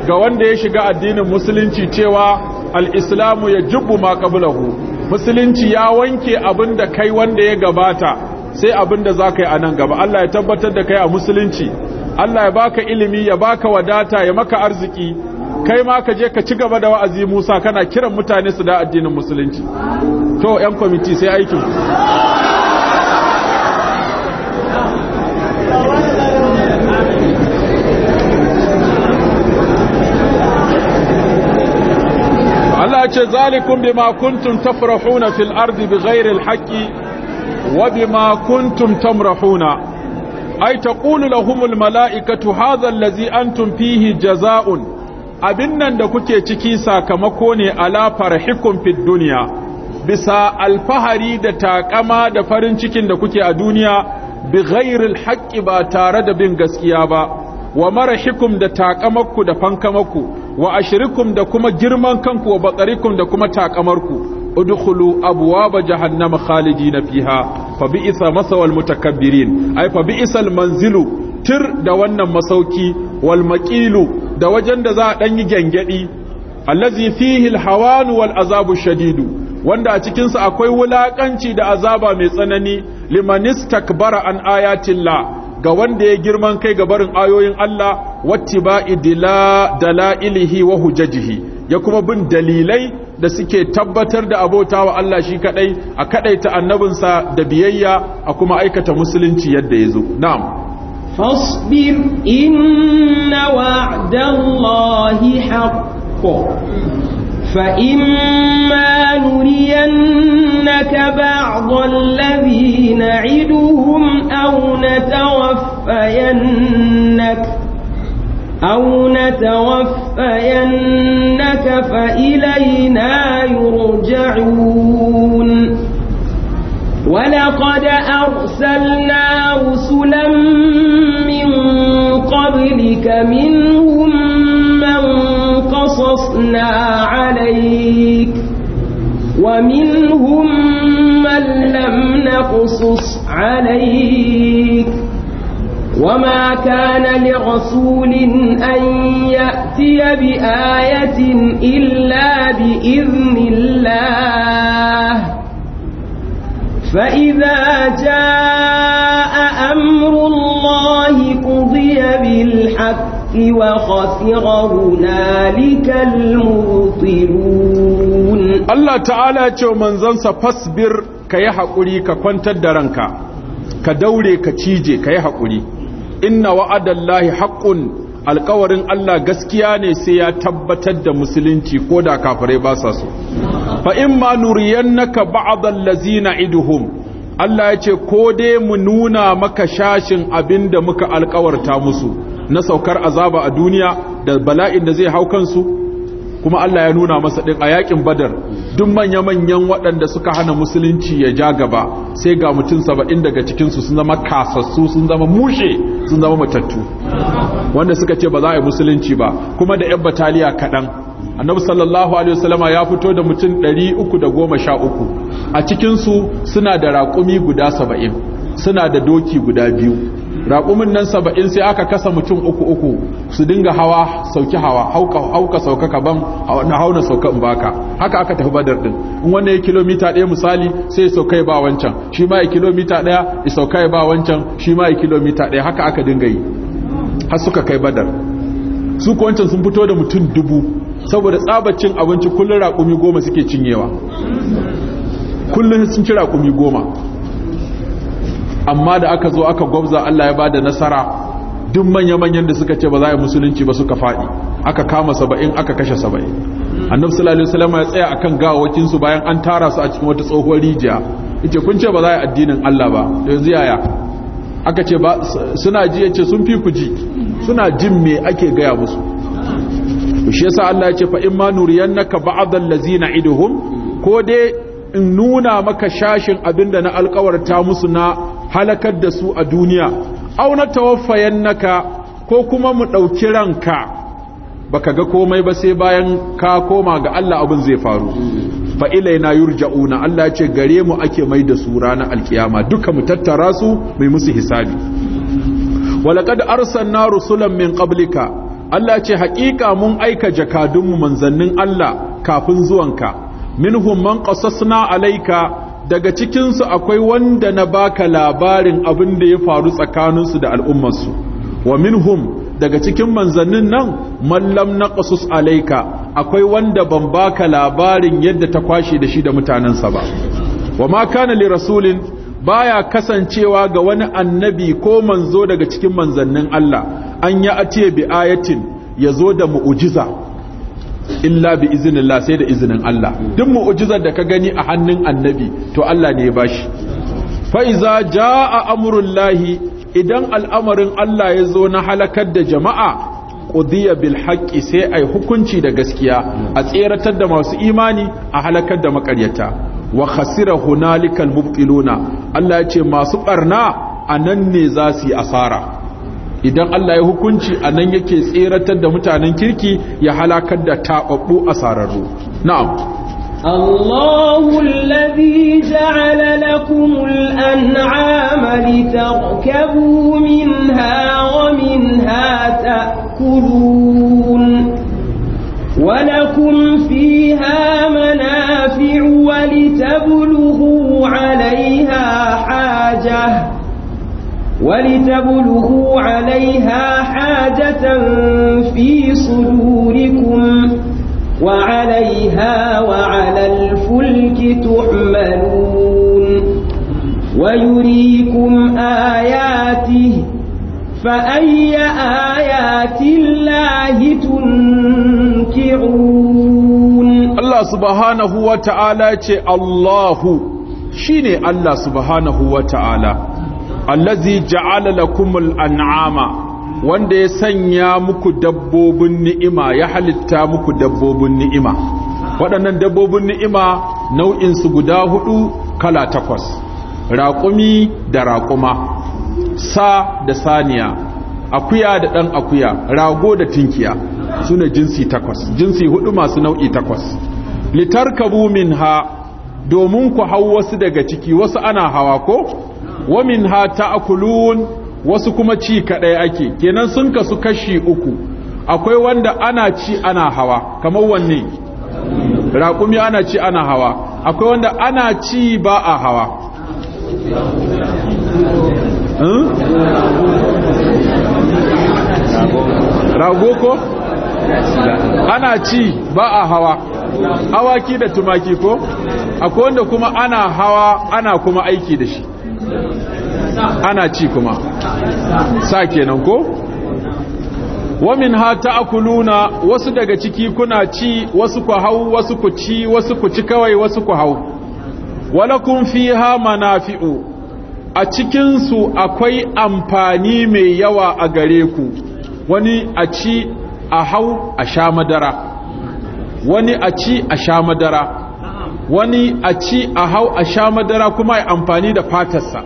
ga wanda ya shiga addinin musulunci cewa al'islamu ya jubu ma kabulahu musulunci ya wanke abin da kai wanda ya gabata sai abin da za ka yi a nan gaba Allah ya tabbatar da kai a musulunci Allah ya baka ilimi ya baka wadata ya maka arziki kai ma ka je ka ci gaba da wa'azi Musa kana kiran mutane su da addinin musulunci to yan kwamiti sai aikin Allah zalikun zalikum bima kuntum tafrahuna fil ardi bighairi haƙi wa bima kuntum tamrahuna ay taqulu lahumul malaikatu hadha allazi antum fihi jaza'un abin nan da kuke ciki sakamako ne alafar farhikum fid duniya bisa alfahari da takama da farin cikin da kuke a duniya bighairi haƙƙi ba tare da bin gaskiya ba wa mara hikum da takamakku da fankamakku wa ashirikum da kuma girman kanku wa batsarikum da kuma takamarku udkhulu abwaaba jahannama khalidina fiha fa bi'sa masawal mutakabbirin ai fa bi'sal manzilu tir da wannan masauki wal maqilu da wajen da za a dan yi gengedi allazi fihi al wal azabu shadidu wanda a cikin sa akwai wulakanci da azaba mai tsanani liman istakbara an ayatillah ga wanda ya girman kai ga barin ayoyin Allah wacce ba da dalailihi wa hujjajihi ya kuma bin dalilai da suke tabbatar da abota wa Allah shi kadai a ta annabinsa da biyayya a kuma aikata musulunci yadda ya zo na'am fasbir inna wa'dallahi haqqo فإما نرينك بعض الذي نعدهم أو نتوفينك أو نتوفينك فإلينا يرجعون ولقد أرسلنا رسلا من قبلك منهم قصصنا عليك ومنهم من لم نقصص عليك وما كان لرسول أن يأتي بآية إلا بإذن الله فإذا جاء أمر الله قضي بالحق وخسر هنالك المبطلون الله تعالى يقول من زنس فاصبر كي حقري ka الدرنك ka كتيجي كي حقري إن وعد الله حق alkawarin Allah gaskiya ne sai ya tabbatar da musulunci ko da kafirai ba sa so fa in ma nuriyannaka ba'dal ladzina iduhum Allah ya ce ko dai mu nuna maka shashin abinda muka alkawarta musu na saukar azaba a duniya da bala'in da zai hau kansu kuma Allah ya nuna masa din a yakin badar duk manya-manyan waɗanda suka hana musulunci ya ja gaba sai ga mutum saba'in daga cikinsu sun zama kasassu sun zama mushe sun zama matattu wanda suka ce ba za a yi musulunci ba kuma da 'yan bataliya kaɗan annabi sallallahu alaihi wasallama ya fito da mutum 313 a cikinsu suna da raƙumi guda saba'in suna da doki guda biyu raƙumin nan saba'in sai aka kasa mutum uku uku su dinga hawa sauki hawa hauka sauka ban na hauna sauka in baka haka aka tafi badar din in wannan ya kilomita ɗaya misali sai sauka ba wancan shi ma ya kilomita ɗaya ya sauka ba wancan shi ma ya kilomita ɗaya haka aka dinga yi har suka kai badar su sun fito da mutum dubu saboda tsabacin abinci kullum raƙumi goma suke cinyewa kullum sun ci raƙumi goma amma da aka zo aka gwabza Allah ya ba da nasara duk manya-manyan da suka ce ba za a musulunci ba suka faɗi aka kama saba'in aka kashe saba'in annabi sallallahu alaihi wasallam ya tsaya akan gawawakin su bayan an tara su a cikin wata tsohuwar rijiya yace kun ce ba za a addinin Allah ba yanzu yaya aka ce ba suna ji yace sun fi ku ji suna jin me ake gaya musu shi yasa Allah ya ce fa imma nuriyannaka ba'dal ladzina iduhum ko dai in nuna maka shashin abinda na alkawarta musu na halakar da su a duniya au na tawaffayan naka ko kuma mu ɗauki ranka baka ga komai ba sai bayan ka koma ga Allah abin zai faru fa ilaina yurja'una Allah ce gare mu ake mai da su ranar alkiyama duka mu tattara su mai musu hisabi walaqad arsalna rusulan min qablika Allah ce haƙiƙa mun aika jakadun mu manzannin Allah kafin zuwanka minhum man qassasna alayka daga cikinsu akwai wanda na baka labarin abin da ya faru tsakaninsu da al'ummarsu wa minhum daga cikin manzannin nan mallam na ƙasus alaika akwai wanda ban baka labarin yadda ta kwashe da shi da mutanensa ba wa ma kana li rasulin baya kasancewa ga wani annabi ko manzo daga cikin manzannin Allah an ya ace bi ayatin ya zo da mu'ujiza illa bi izinillah sai da izinin Allah duk mu'jizar da ka gani a hannun annabi to Allah ne ya bashi fa iza jaa lahi idan al'amarin Allah ya zo na halakar da jama'a qudiya bil haqqi sai ai hukunci da gaskiya a tseratar da masu imani a halakar da makaryata wa khasira hunalikal mubtiluna Allah ya ce masu barna anan ne za su yi asara idan Allah ya hukunci a nan yake tseratar da mutanen kirki ya halakar da taɓaɓɓu a sararru na'am الله الذي جعل لكم الأنعام لتركبوا منها ومنها تأكلون ولكم فيها منافع ولتبلغوا عليها حاجة ولتبلغوا عليها حاجة في صدوركم وعليها وعلى الفلك تحملون ويريكم آياته فأي آيات الله تنكرون الله سبحانه وتعالى الله شيني الله سبحانه وتعالى allazi ja'ala lakumul an'ama wanda ya sanya muku dabbobin ni'ima ya halitta muku dabbobin ni'ima waɗannan dabbobin ni'ima nau'in su guda hudu kala takwas raƙumi da raƙuma sa da saniya akuya da ɗan akuya rago da tinkiya suna jinsi takwas jinsi hudu masu nau'i takwas litarkabu ha domin ku hau wasu daga ciki wasu ana hawa ko wa ta akulun wasu kuma ci kaɗai ake kenan sun kasu kashi uku akwai wanda ana ci ana hawa kamar wanne raƙumi ana ci ana hawa akwai wanda ana ci ba a hawa hmm? rago ko? ana ci ba a hawa awaki da tumaki ko? akwai wanda kuma ana hawa ana kuma aiki da shi ana ci kuma sa kenan ko wamin ha ta'kuluna wasu daga ciki kuna ci wasu ku hau wasu ku ci wasu ku ci kawai wasu ku hau walakum fiha manafi'u a cikin su akwai amfani mai yawa a gare ku wani a ci a hau a sha madara wani a ci a sha madara wani a ci a hau a sha madara kuma ya amfani da fatarsa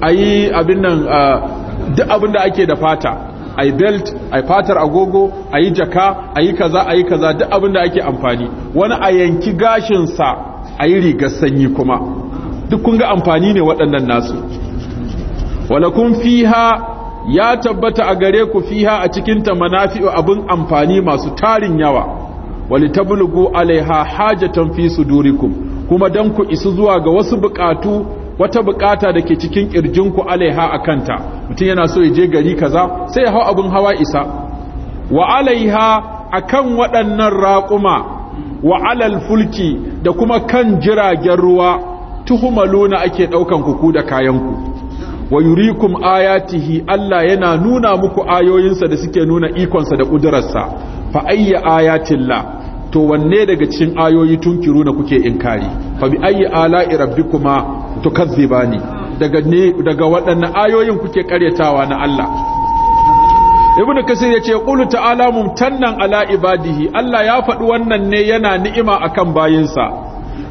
a yi abin nan duk abin da ake da fata a yi belt a yi fatar agogo a yi jaka a yi kaza a yi kaza duk abin da ake amfani wani a yanki gashinsa a yi rigar sanyi kuma duk kun ga amfani ne waɗannan nasu walakun fiha ya tabbata a gare ku fiha a cikinta manafi'u abin amfani masu tarin yawa walitablugu alaiha hajatan fi sudurikum kuma dan ku isu zuwa ga wasu bukatu wata bukata da ke cikin ku alaiha akanta mutum yana so ya je gari kaza sai ya hau abin hawa isa wa alaiha akan waɗannan raƙuma wa alal fulki da kuma kan jiragen ruwa tuhumaluna ake ɗaukan ku da kayanku wa yurikum ayatihi Allah yana nuna muku ayoyinsa da suke nuna ikonsa da ƙudurarsa fa ayya ayatillah to wanne daga cikin ayoyi tunkiru na kuke inkari fa bi ayi ala'i rabbikuma tukazzibani daga ne daga waɗannan ayoyin kuke karyatawa na Allah ibn kasir yace qul ta'ala mumtannan ala ibadihi Allah ya faɗi wannan ne yana ni'ima akan bayinsa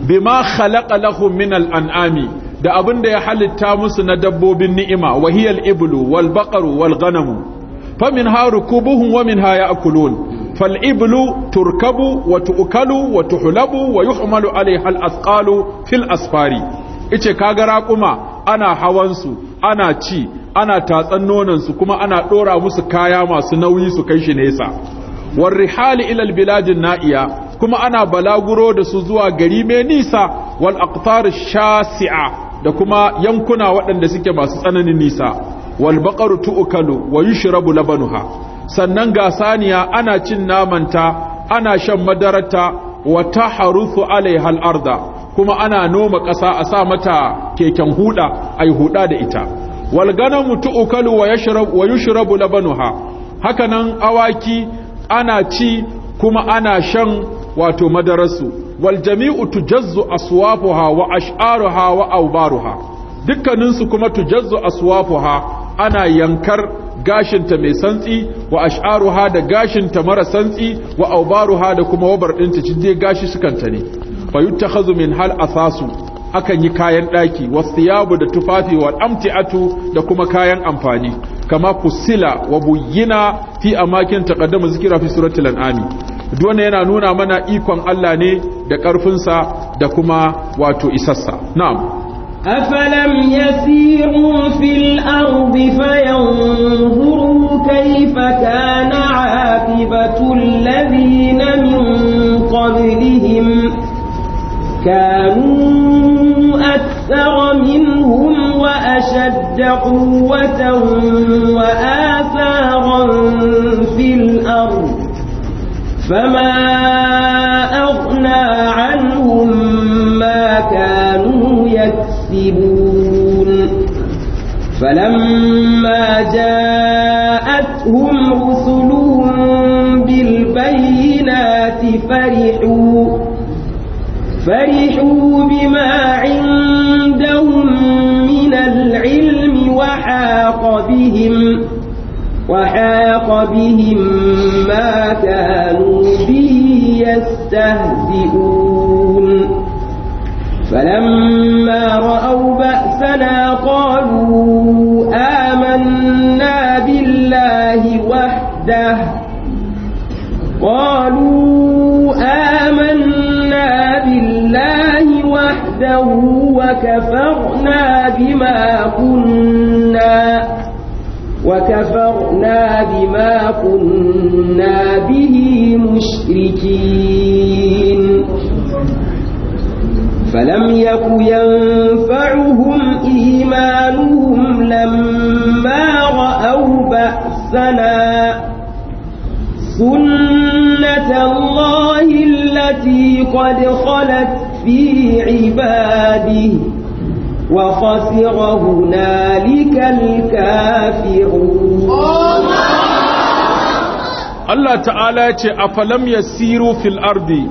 bima khalaqa lahum min al-an'ami da abin da ya halitta musu na dabbobin ni'ima wahiyal iblu wal baqaru wal ghanamu famin harukubuhum wa minha ya'kulun فالإبل تركب وتؤكل وتحلب ويحمل عليها الأثقال في asfari. ice kaga raƙuma ana hawansu ana ci ana tatsan su kuma ana ɗora musu kaya masu nauyi su kai shi nesa warrihali ilal biladin na'iya kuma ana balaguro da su zuwa gari mai nisa wal aqtar shasi'a da kuma yankuna waɗanda suke masu tsananin nisa wal baqaru tu'kalu wa yushrabu labanuha sannan ga saniya ana cin namanta ana shan madararta wa taharuthu alaiha arda kuma ana noma ƙasa a sa mata keken huda ai huda da ita wal mutu ukalu wa yashrabu wa yushrabu haka nan awaki ana ci kuma ana shan wato madararsu wal jami'u tujazzu aswafuha wa ash'aruha wa awbaruha dukkaninsu kuma tujazzu aswafuha ana yankar gashinta mai santsi wa ha da gashinta mara santsi wa ha da kuma wabar ɗinta dai gashi sukanta ne fa yuttakhazu min hal asasu akan yi kayan ɗaki wasiyabu da tufafi wa amti'atu da kuma kayan amfani kama fusila wa buyyina fi amakin taqaddama zikira fi suratul an'ami duwane yana nuna mana ikon Allah ne da ƙarfinsa da kuma wato isassa na'am أفلم يسيروا في الأرض فينظروا كيف كان عاقبة الذين من قبلهم كانوا أكثر منهم وأشد قوة وآثارا في الأرض فما أغنى عنهم يكسبون فلما جاءتهم رسلهم بالبينات فرحوا فرحوا بما عندهم من العلم وحاق بهم وحاق بهم ما كانوا به يستهزئون بما كنا وكفرنا بما كنا به مشركين فلم يك ينفعهم إيمانهم لما رأوا بأسنا سنة الله التي قد خلت في عباده وخسر هنالك الكافرون Allah ta'ala ce a falam ya siru fil ardi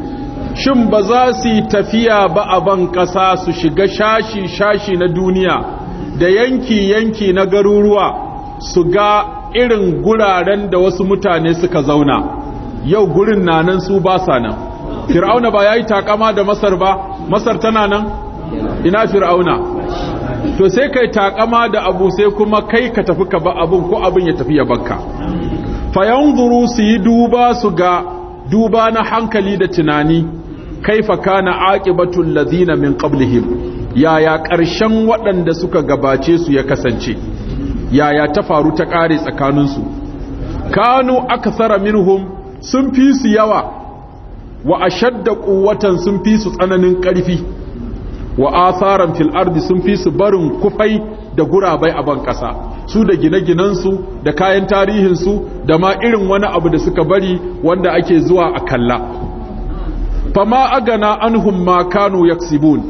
shin ba za su yi tafiya ba a ban ƙasa su shiga shashi-shashi na duniya da yanki-yanki na garuruwa su ga irin guraren da wasu mutane suka zauna yau gurin na su ba sa nan fir'auna ba ya yi takama da masar ba masar tana nan ina fir'auna to sai kai takama da abu sai kuma kai ka tafi ka ba abun ko abun ya tafi ya bakka fayanzuru su yi duba su ga duba na hankali da tunani kai kaifa kana aqibatul ladina min qablihim yaya ƙarshen waɗanda suka gabace su ya kasance yaya ta faru ta ƙare su kanu akthara minhum sun fi su yawa wa ashadda quwwatan sun fi su tsananin ƙarfi wa asaran fil ardi sun fi su barin kufai da gurabai a ban kasa su da gine-ginensu da kayan tarihinsu da ma irin wani abu da suka bari wanda ake zuwa a kalla fama agana anhum ma kanu yaksibun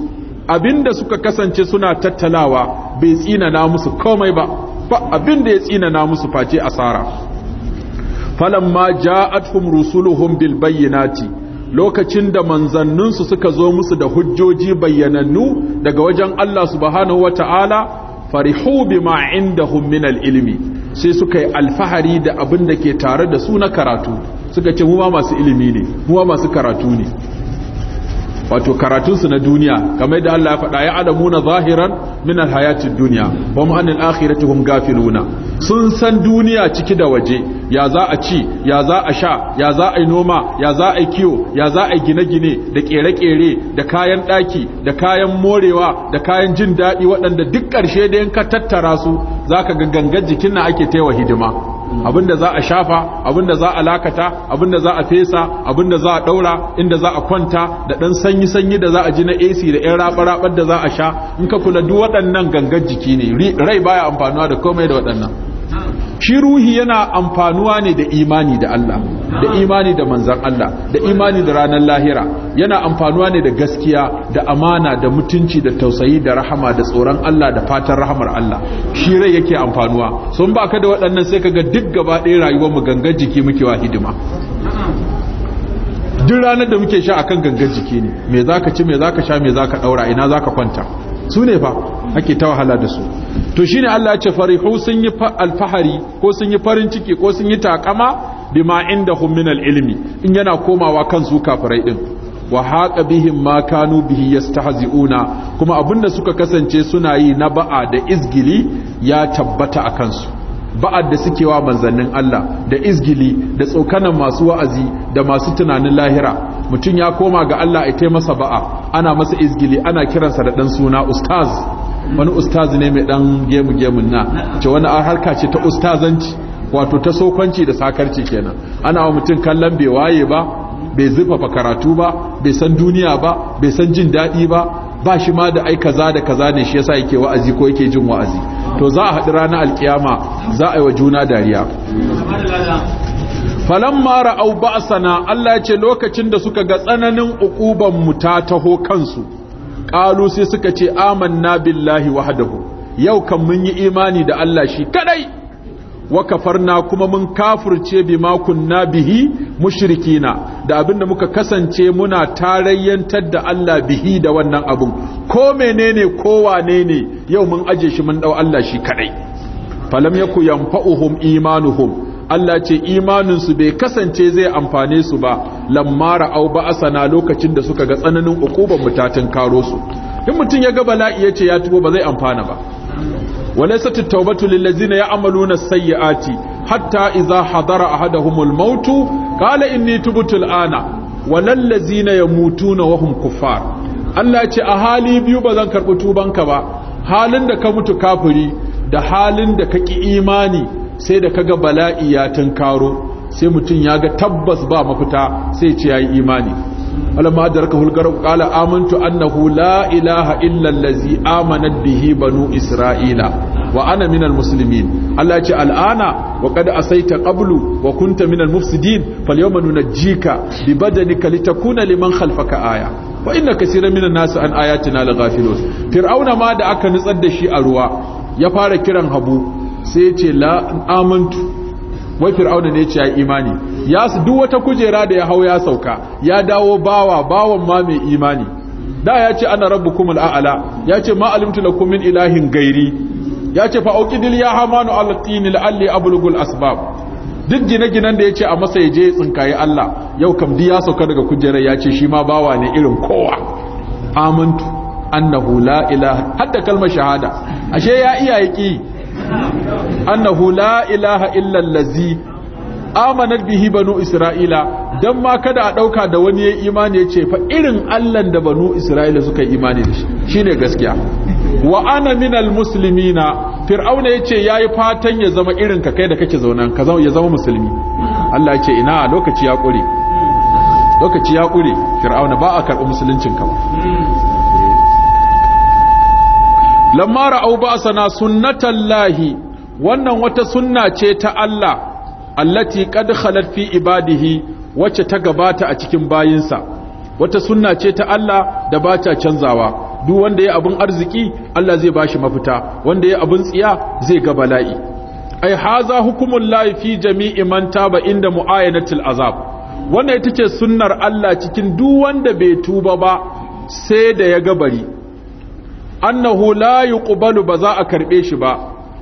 abinda suka kasance suna tattalawa bai tsinana musu komai ba fa abinda ya tsinana musu face asara falamma ja'atkum rusuluhum bil bayyinati lokacin da manzanninsu suka zo musu da hujjoji bayyanannu daga wajen Allah subhanahu wata'ala farihu bima indahum min ilmi sai suka yi alfahari da abin da ke tare da su na karatu suka ce mu ma masu ilimi ne mu ma masu karatu ne wato karatunsu na duniya kamar da Allah ya faɗa ya na zahiran min alhayatid duniya wa hum anil akhirati hum gafiluna sun san duniya ciki da waje ya za a ci ya za a sha ya za a yi noma ya za a yi kiwo ya za a yi gine-gine da kere-kere da kayan ɗaki da kayan morewa da kayan jin daɗi waɗanda duk ƙarshe da yanka tattara su zaka ka ga gangan jikin na ake taiwa hidima abinda za a shafa abinda za a lakata abinda za a fesa abinda za a daura inda za a kwanta da dan sanyi sanyi da za a ji na AC da yan raba raba da za a sha in ka kula duk waɗannan gangar jiki ne rai baya amfanuwa da komai da waɗannan shi ruhi yana amfanuwa ne da imani da Allah da imani da manzan Allah da imani da ranar lahira yana amfanuwa ne da gaskiya da amana da mutunci da tausayi da rahama da tsoron Allah da fatan rahamar Allah shi rai yake amfanuwa sun ba ka da waɗannan sai ka ga duk gaba ɗaya rayuwar mu gangan jiki muke wa hidima duk ranar da muke sha akan gangan jiki ne me zaka ci me zaka sha me zaka daura ina zaka kwanta su ne fa ake ta wahala da su to shi ne Allah ya ce farihu sun yi alfahari ko sun yi farin ciki ko sun yi takama bima hum min ilmi in yana komawa kan su kafirai din wa haqa bihim ma kanu bihi yastahzi'una kuma abinda suka kasance suna yi na ba'a da izgili ya tabbata a kansu ba'ad da suke wa manzannin Allah da izgili da tsokanan masu wa'azi da masu tunanin lahira mutum ya koma ga Allah a taimasa ba'a ana masa izgili ana kiransa da ɗan suna ustaz wani ustaz ne mai dan gemu gemun na ce wani harka ce ta ustazanci wato ta sokwanci da sakarci kenan ana wa mutum kallon bai waye ba bai zufafa karatu ba bai san duniya ba bai san jin daɗi ba ba shi ma da ai kaza da kaza ne shi yasa yake wa'azi ko yake jin wa'azi to za a haɗu ranar alkiyama za a yi wa juna dariya falamma ra'au sana Allah ce lokacin da suka ga tsananin ukuban mu ta taho kansu qalu suka ce aman amanna billahi wahadahu. yau kan mun yi imani da Allah shi kadai wa kafarna kuma mun kafurce makon na bihi mushrikina da abinda muka kasance muna tarayyantar da Allah bihi da wannan abun ko menene ko wane ne yau mun aje shi mun ɗau Allah shi kadai falam yaku yanfa'uhum imanuhum Allah ce imaninsu bai kasance zai amfane su ba lammara au ba asana lokacin da suka ga tsananin ukuban mutatin karo su in mutum ya ga bala'i ya ce ya tubo ba zai amfana ba walaysa at-taubatu lil ladzina ya'maluna sayyiati hatta idza hadara ahaduhumul maut qala inni tubtu al'ana walal ladzina yamutuna wa hum kuffar Allah ce a hali biyu ba zan karbi tubanka ba halin da ka mutu kafiri da halin da ka ki imani sai da kaga bala'i ya tunkaro sai mutum ya ga tabbas ba mafita sai ce yayi imani alamma adraka hulgar qala amantu annahu la ilaha illa allazi amanat bihi banu isra'ila wa ana minal muslimin Allah ce al'ana wa asaita qablu wa kunta minal mufsidin falyawma nunajjika bi badanika litakuna liman khalfaka aya wa inna kaseeran minan nasi an ayatina laghafilun fir'auna ma da aka nutsar da shi a ruwa ya fara kiran habu sai ce la amantu wai fir'auna ne ce ya imani ya su duk wata kujera da ya hau ya sauka ya dawo bawa bawan ma mai imani da ya ce ana rabbukum al'ala ya ce ma alimtu na kumin ilahin gairi ya ce fa ya hamanu alatini la'alli abulgul abulugul duk gine-ginen da ya ce a masa ya je tsinkaye Allah yau kam di ya sauka daga kujerar ya ce shi ma bawa ne irin kowa amintu annahu la ilaha hatta kalmar shahada ashe ya iya yaki annahu la ilaha illa allazi amanat bihi banu isra'ila dan ma kada a dauka da wani ya imani yace fa irin Allah da banu isra'ila suka yi imani da shi shine gaskiya wa ana minal muslimina fir'auna yace yayi fatan ya zama irin ka kai da kake zaunan ka ya zama musulmi Allah yace ina lokaci ya kure lokaci ya kure fir'auna ba a karbi musuluncin ka ba lamma ra'au ba'sana sunnatallahi wannan wata sunna ce ta Allah allati qad khalat fi ibadihi wacce ta gabata a cikin bayinsa wata sunna ce ta Allah da ba ta canzawa duk wanda ya abun arziki Allah zai bashi mafita wanda ya abun tsiya zai ga bala'i ai haza hukumul lahi fi jami'i man taba inda mu'ayanatul azab wannan ita ce sunnar Allah cikin duk wanda bai tuba ba sai da ya gabari annahu la yuqbalu ba za a karbe shi ba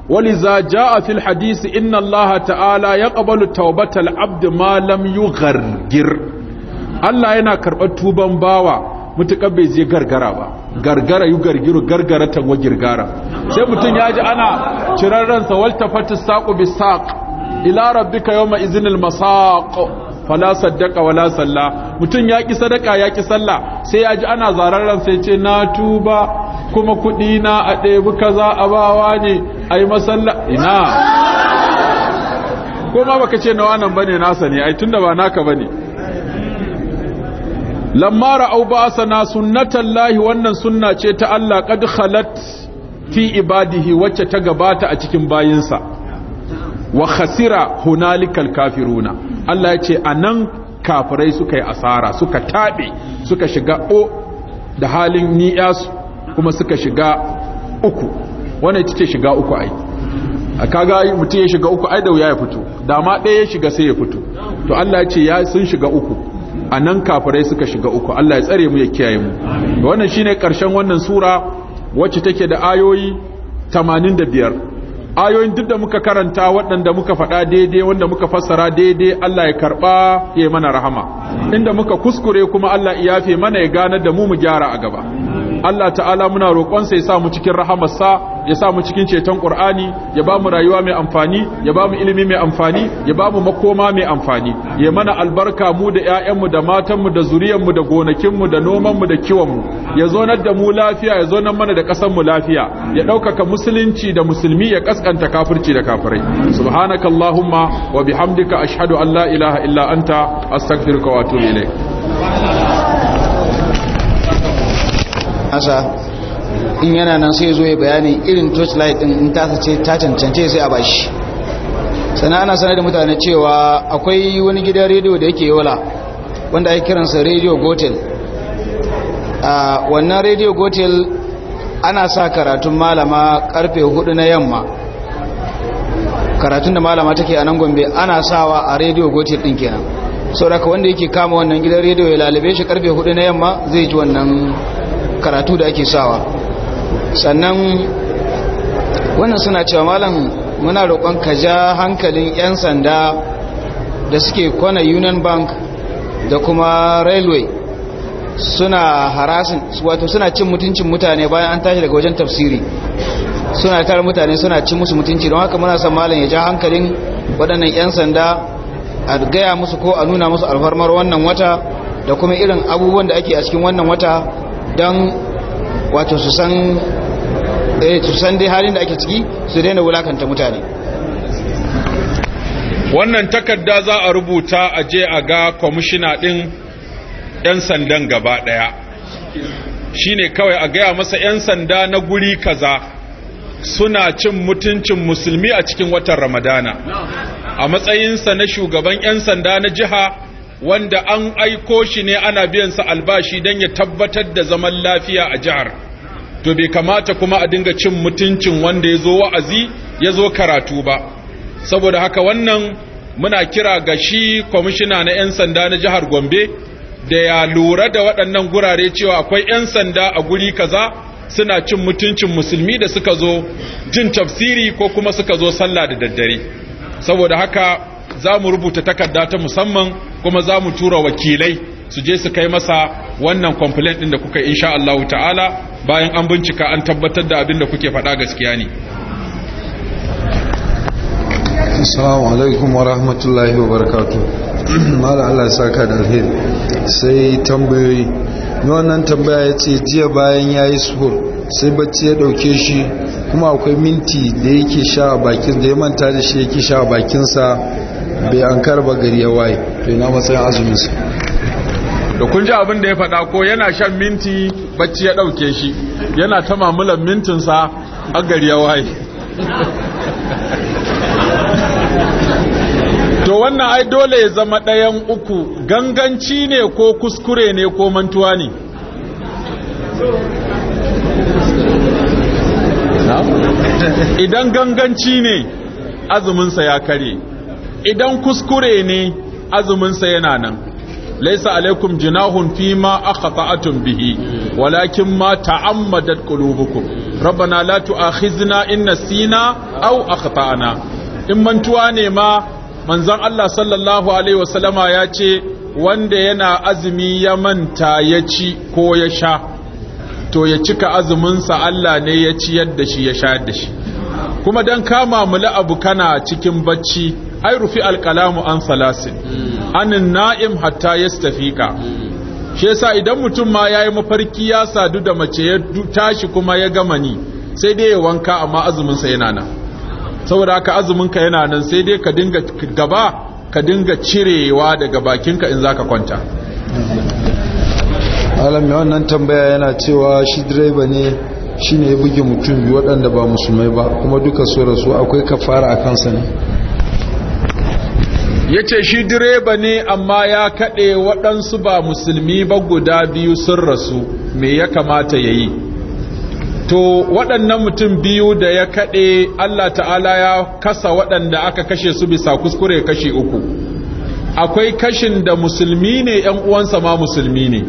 waliza jaa fil hadisi inna Allah ta'ala yaqbalu tawbatal abd ma lam yughargir Allah yana karɓa tuban bawa mutukar bai je gargara ba gargara yu gargiru gargara tan wagirgara sai mutun yaji ana cirarran sa waltafatis saqu bisaq ila rabbika yawma izinil masaq fala saddaka wala salla mutum ya ki sadaka ya ki salla sai ya ji ana zararren sai ce na tuba kuma kuɗi na a ɗebi kaza a bawa ne a yi masalla ina kuma baka ce na wannan bane nasa ne ai tunda ba naka bane lamma ra'au sana sunnatallahi wannan sunna ce ta Allah kad khalat fi ibadihi wacce ta gabata a cikin bayinsa wa khasira hunalikal kafiruna Allah ya ce anan kafirai suka yi asara suka tabe suka shiga o da halin ni'as kuma suka shiga uku wannan ita shiga uku ai kaga mutum ya shiga uku ai da wuya ya fito Dama ɗaya ya shiga sai ya fito to Allah ya ce ya sun shiga uku a nan kafirai suka shiga uku Allah ya tsare mu ya kiyaye mu wannan shine karshen wannan sura wacce take da ayoyi 85 ayoyin duk da muka karanta waɗanda muka faɗa daidai wanda muka fassara daidai Allah ya karɓa ya yi mana rahama inda muka kuskure kuma Allah ya yafe mana ya gane da mu mu gyara a gaba Allah ta'ala muna roƙon ya sa mu cikin rahamarsa ya sa mu cikin ceton Qur'ani ya ba mu rayuwa mai amfani ya ba mu ilimi mai amfani ya ba mu makoma mai amfani ya mana albarka mu da ƴaƴanmu da matanmu da zuriyarmu da gonakinmu da nomanmu da kiwonmu ya zonar da mu lafiya ya zonar mana da ƙasar mu lafiya ya ɗaukaka musulunci da musulmi ya kaskanta kafirci da kafirai subhanakallahumma wa bihamdika ashhadu an la ilaha illa anta astaghfiruka wa atubu ilaik Asa in yana nan sai zo ya bayani irin torchlight din in tasa ce ta cancance sai a bashi sannan ana sanar da mutane cewa akwai wani gidan rediyo da yake yola wanda ake kiransa rediyo gotel a wannan rediyo gotel ana sa karatun malama karfe hudu na yamma karatun da malama take a nan gombe ana sawa a rediyo gotel din kenan sauraka wanda yake kama wannan gidan rediyo ya lalabe shi karfe hudu na yamma zai ji wannan karatu da ake sawa sannan wannan suna cewa malam muna roƙon ka ja hankalin 'yan sanda da suke kwana union bank da kuma railway suna harasin wato suna cin mutuncin mutane bayan an tashi daga wajen tafsiri suna tara mutane suna cin musu mutunci don haka muna son malam ya ja hankalin waɗannan 'yan sanda a gaya musu ko a nuna musu alfarmar wannan wata da kuma irin abubuwan da ake a cikin wannan wata don wato su san eh su san dai halin da ake ciki su daina wulakanta mutane wannan takarda za a rubuta a je a ga kwamishina din yan sandan gaba daya shine kawai a gaya masa yan sanda na guri kaza suna cin mutuncin musulmi a cikin watan ramadana a matsayinsa na shugaban yan sanda na jiha wanda an aiko shi ne ana biyan sa albashi don ya tabbatar da zaman lafiya a jihar to bai kamata kuma a dinga cin mutuncin wanda ya zo wa'azi ya zo karatu ba saboda haka wannan muna kira ga shi kwamishina na 'yan sanda na jihar gombe da ya lura da waɗannan gurare cewa akwai 'yan sanda a guri kaza suna cin mutuncin musulmi da suka zo jin tafsiri ko kuma suka zo sallah da daddare saboda haka za mu rubuta takarda ta musamman kuma za mu tura wakilai su je su kai masa wannan complaint din da kuka insha Allah ta'ala bayan an bincika an tabbatar da abin da kuke faɗa gaskiya ne assalamu alaikum wa rahmatullahi wa barakatu mala Allah saka da alheri sai tambayoyi ni wannan tambaya yace jiya bayan ya yi suhur sai bacci ya ɗauke shi kuma akwai minti da yake sha a bakin da ya manta da shi yake sha a bakinsa bai an karba gari ya waye to ina matsayin azumin su da kun ji abin da ya faɗa ko yana shan minti bacci ya ɗauke shi yana ta mamulan mintinsa a gari ya waye to wannan ai dole ya zama ɗayan uku ganganci ne ko kuskure ne ko mantuwa ne idan ganganci ne azuminsa ya kare idan kuskure ne azuminsa yana nan laisa alaikum jinahun fi ma akhata'tum bihi walakin ma ta'ammadat qulubukum rabbana la tu'akhizna in nasina aw akhata'na in mantuwa ne ma manzon Allah sallallahu alaihi wasallama ya ce wanda yana azumi ya manta ya ci ko ya sha to ya cika azuminsa Allah ne ya ci yadda shi ya sha yadda shi kuma don kama mula abu kana cikin bacci ai rufi alkalamu an salasin anin na'im hatta ya yastafika shi yasa idan mutum ma yayi mafarki ya sadu da mace ya tashi kuma ya gama ni sai dai ya wanka amma azumin yana nan saboda haka azumin ka yana nan sai dai ka dinga gaba ka dinga cirewa daga bakinka in zaka kwanta alami wannan tambaya yana cewa shi direba ne shine ya buge mutum biyu waɗanda ba musulmai ba kuma duka su rasu akwai kafara a kansa ne ya ce shi direba ne amma ya kaɗe waɗansu ba musulmi ba guda biyu sun rasu me ya kamata ya yi to waɗannan mutum biyu da ya kaɗe Allah ta'ala ya kasa waɗanda aka kashe su bisa kuskure kashe uku akwai kashin da musulmi ne ‘yan uwansa ma musulmi ne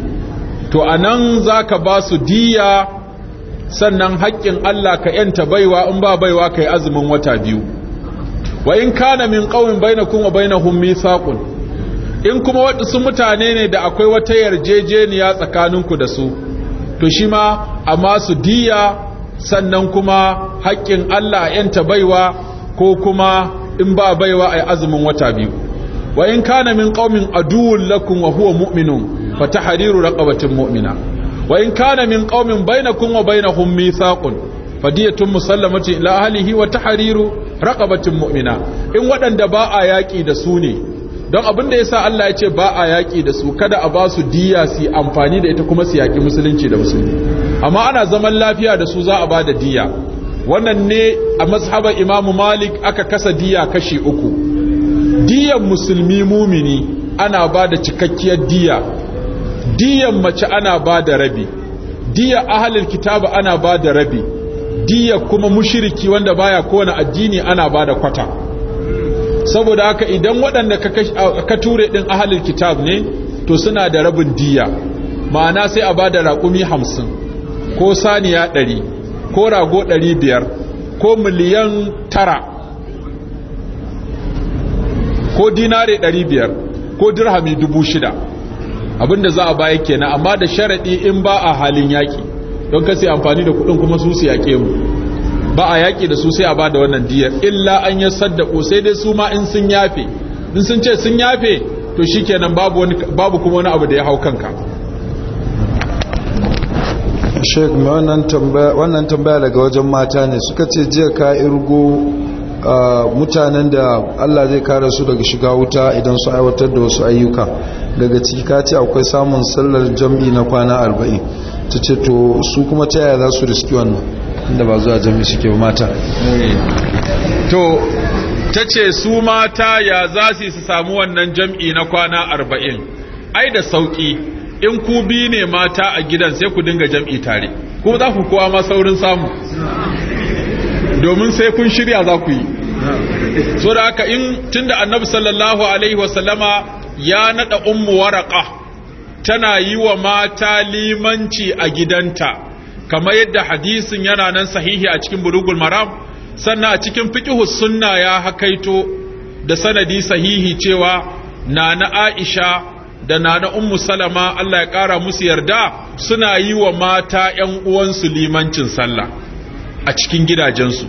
to a nan za ka ba su diya sannan haƙƙin Allah ka ‘yanta baiwa in ba baiwa ka yi azumin wata biyu wa in kana min qawmin bainakum wa bainahum mithaqun in kuma waɗansu mutane ne da akwai wata yarjejeniya tsakaninku da su to shi ma amma su diya sannan kuma haƙƙin Allah yanta baiwa ko kuma in ba baiwa ai azumin wata biyu wa in kana min qawmin aduwwun lakum wa huwa mu'minun tahriru raqabatin mu'mina wa in kana min qawmin bainakum wa bainahum mithaqun fadiyatun musallamati ila ahlihi wa tahriru raqabatin mu'mina in waɗanda ba a yaƙi da su ne don abin da yasa Allah ya ce ba a yaƙi da su kada a ba su diya su amfani da ita kuma su yaƙi musulunci da musulmi amma ana zaman lafiya da su za a ba da diya wannan ne a mazhabar Imam Malik aka kasa diya kashi uku diyan musulmi mumini ana ba da cikakkiyar diyya. diyan mace ana ba da rabi diya ahalin kitaba ana ba da rabi diya kuma mushiriki wanda baya kowane addini ana bada kwata saboda haka idan waɗanda ka ture ɗin ahalin kitab ne to suna da rabin diya ma'ana sai a ba da raƙumi hamsin ko saniya ɗari ko rago ɗari biyar ko miliyan tara ko dinare ɗari biyar ko dirhami dubu shida abinda za a baya kenan amma da sharaɗi in ba a halin yaƙi don kasi amfani da kudin kuma su su yaƙe mu ba a yaƙi da su sai a ba wannan diyar illa an ya saddako sai dai su ma in sun yafe in sun ce sun yafe to shi kenan babu kuma wani abu da ya hau kanka sheik wannan tambaya daga wajen mata ne suka ce jiya ka irgo mutanen da allah zai kare su daga shiga wuta idan su aiwatar da wasu ayyuka daga ciki ka ce akwai samun sallar jam'i na kwana arba'in ta ce to su kuma ta yaya za su riski wannan inda ba zuwa jami ke mata to ta ce su mata ya za su su samu wannan jam'i na kwana arba'in ai da sauƙi in ku bi ne mata a gidan sai ku dinga jam'i tare ku za ku kowa ma saurin samu domin sai kun shirya za ku yi so da haka in tunda annabi sallallahu alaihi wasallama ya nada ummu waraka tana yi wa mata limanci a gidanta kamar yadda hadisin yana nan sahihi a cikin bulugul maram sannan a cikin fiqhu sunna ya hakaito da sanadi sahihi cewa nana Aisha da nana Ummu Salama Allah ya kara musu yarda suna yi wa mata ƴan uwansu limancin sallah a cikin gidajensu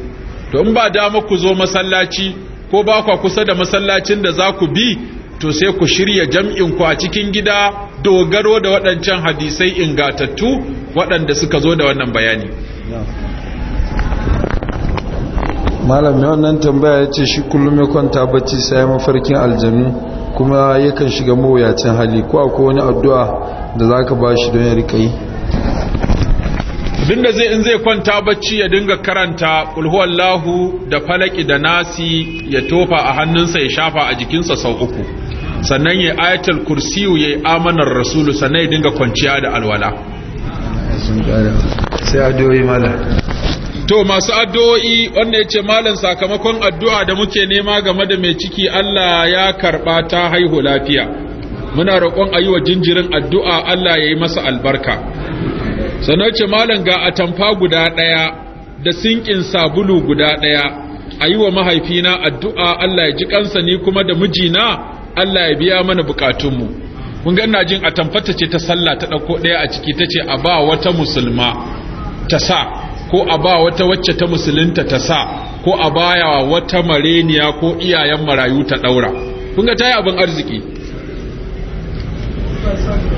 to in ba dama ku zo masallaci ko ba kwa kusa da masallacin da za ku bi to sai ku shirya jam'in ku a cikin gida dogaro da waɗancan hadisai ingatattu waɗanda suka zo da wannan bayani malam mai wannan tambaya ya ce shi kullum ya kwanta bacci sai mafarkin aljanu kuma yakan shiga mawuyacin hali ko akwai wani addu'a da za ka ba shi don ya riƙa yi dinda zai in zai kwanta bacci ya dinga karanta kulhuwallahu da falaki da nasi ya tofa a hannunsa ya shafa a jikinsa sau uku sannan ya ayatul kursiyu ya yi amanar rasulu sannan ya dinga kwanciya da alwala sai addu'o'i mala to masu addu'o'i wanda ya ce malam sakamakon addu'a da muke nema game da mai ciki Allah ya karɓa ta haihu lafiya muna roƙon a yi wa jinjirin addu'a Allah ya yi masa albarka sannan ce malam ga atamfa guda ɗaya da sinkin sabulu guda ɗaya a yi wa mahaifina addu'a Allah ya ji kansa ni kuma da mijina Allah ya biya mana bukatunmu mun ga ina jin a tamfata ce ta sallah ta dauko daya a ciki tace a ba wata musulma ta sa ko a ba wata wacce ta musulunta ta sa ko a baya wata mareniya ko iyayen marayu ta daura kun ga tayi abin arziki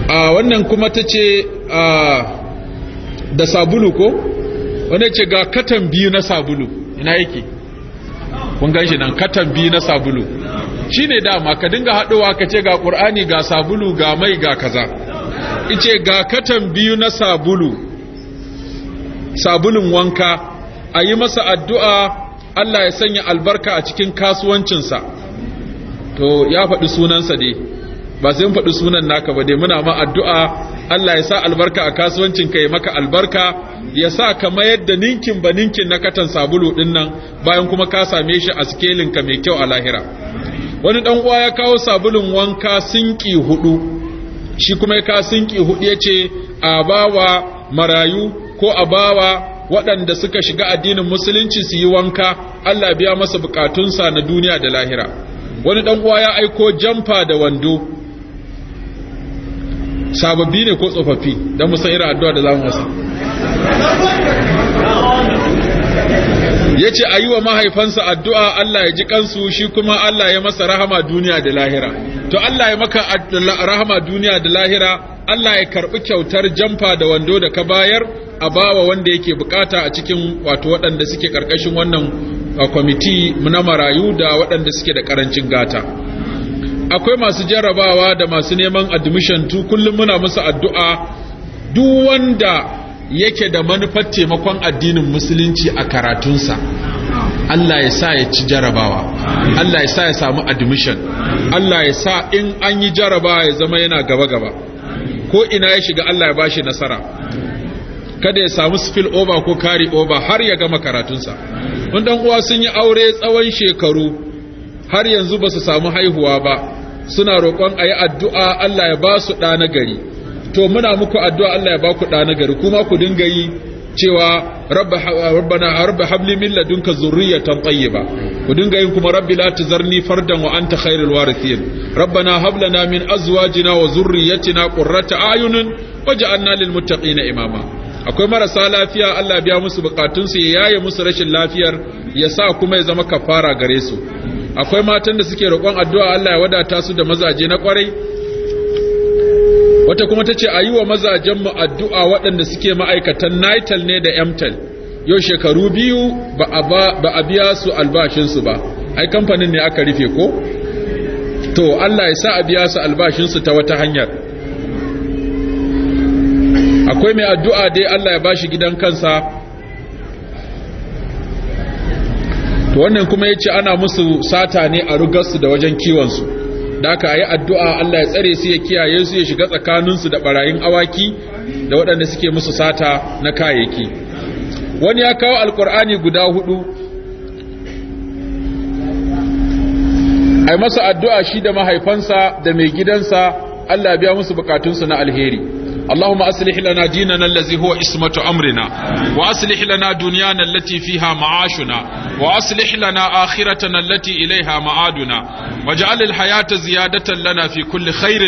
a wannan kuma tace da sabulu ko wanda ce ga katan biyu na sabulu ina yake kun ganshi shi nan katan biyu na sabulu Shi ne dama ka dinga haɗowa ka ce ga ƙur'ani ga sabulu ga mai ga kaza ice ga katan biyu na sabulu sabulun wanka a yi masa addu'a Allah ya sanya albarka a cikin kasuwancinsa to ya faɗi sunansa dai ba sai yin faɗi sunan naka ba dai muna ma addu'a Allah ya sa albarka a kasuwancinka ya maka albarka ya sa ka mayar da ninkin ba ninkin na katan sabulu ɗin nan bayan kuma ka same shi a sikelinka mai kyau a lahira wani dan uwa ya kawo sabulun wanka sinki hudu shi kuma ya kawo sinki hudu ce a bawa marayu ko a bawa waɗanda suka shiga addinin musulunci su yi wanka Allah biya masa bukatunsa na duniya da lahira wani dan uwa ya aiko jamfa da wando sababbi ne ko tsofaffi don mu san irin addu'a da mu ya ce a yi wa mahaifansa addu'a Allah ya ji kansu shi kuma Allah ya masa rahama duniya da lahira to Allah ya maka rahama duniya da lahira Allah ya karɓi kyautar jamfa da wando da ka bayar a bawa wanda yake bukata a cikin wato waɗanda suke ƙarƙashin wannan kwamiti na marayu da waɗanda suke da ƙarancin gata akwai masu jarrabawa da masu neman admission kullum muna musu addu'a duk wanda yake da manufar taimakon addinin musulunci a karatunsa Allah ya sa ya ci jarabawa Allah ya sa ya samu admission Allah ya sa in an yi jarabawa ya zama yana gaba-gaba ko ina ya shiga Allah ya bashi nasara kada ya samu spill over ko carry over har ya gama karatunsa in uwa sun yi aure tsawon shekaru har yanzu ba su samu haihuwa ba suna roƙon a yi addu'a Allah ya ba su ɗa na gari to muna muku addu'a Allah ya ba ku ɗana gari kuma ku dinga yi cewa rabbana rabba habli min ladunka zurriyatan tayyiba ku dinga yin kuma rabbi la tazarni fardan wa anta khairul warithin rabbana hab lana min azwajina wa zurriyyatina qurrata ayunin waj'alna lil muttaqina imama akwai marasa lafiya Allah ya biya musu bukatun su ya yaye musu rashin lafiyar ya sa kuma ya zama kafara gare su akwai matan da suke roƙon addu'a Allah ya wadata su da mazaje na kwarai wata kuma ta ce a yi wa mazajenmu addu'a waɗanda suke ma'aikatan nital ne da emtel yau shekaru biyu ba a biya su albashinsu ba ai kamfanin ne aka rufe ko to allah ya sa a biya su albashinsu ta wata hanyar akwai mai addu'a dai allah ya ba shi gidan kansa to wannan kuma ya ce ana musu sata ne a rugarsu da wajen kiwon su. da aka yi addu'a Allah ya tsare su ya kiyaye su ya shiga tsakaninsu da barayin awaki da waɗanda suke musu sata na kayayyaki wani ya kawo alkur'ani guda hudu ai masa addu'a shi da mahaifansa da mai gidansa Allah biya musu bukatunsu na alheri اللهم أصلح لنا ديننا الذي هو اسمة أمرنا وأصلح لنا دنيانا التي فيها معاشنا وأصلح لنا آخرتنا التي إليها معادنا واجعل الحياة زيادة لنا في كل خير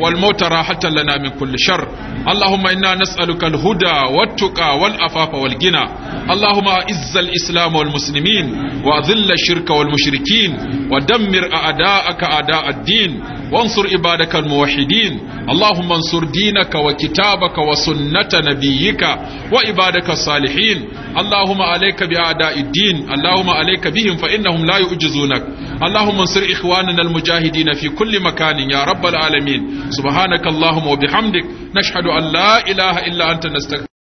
والموت راحة لنا من كل شر اللهم إنا نسألك الهدى والتقى والأفاف والغنى اللهم أعز الإسلام والمسلمين وأذل الشرك والمشركين ودمر أعداءك أعداء الدين وانصر عبادك الموحدين اللهم انصر دينك وكتابك وسنة نبيك وعبادك الصالحين اللهم عليك بأعداء الدين اللهم عليك بهم فإنهم لا يؤجزونك اللهم انصر إخواننا المجاهدين في كل مكان يا رب العالمين subhanakallahumma wa bihamdik nashhadu an la ilaha illa anta nastaghfiruka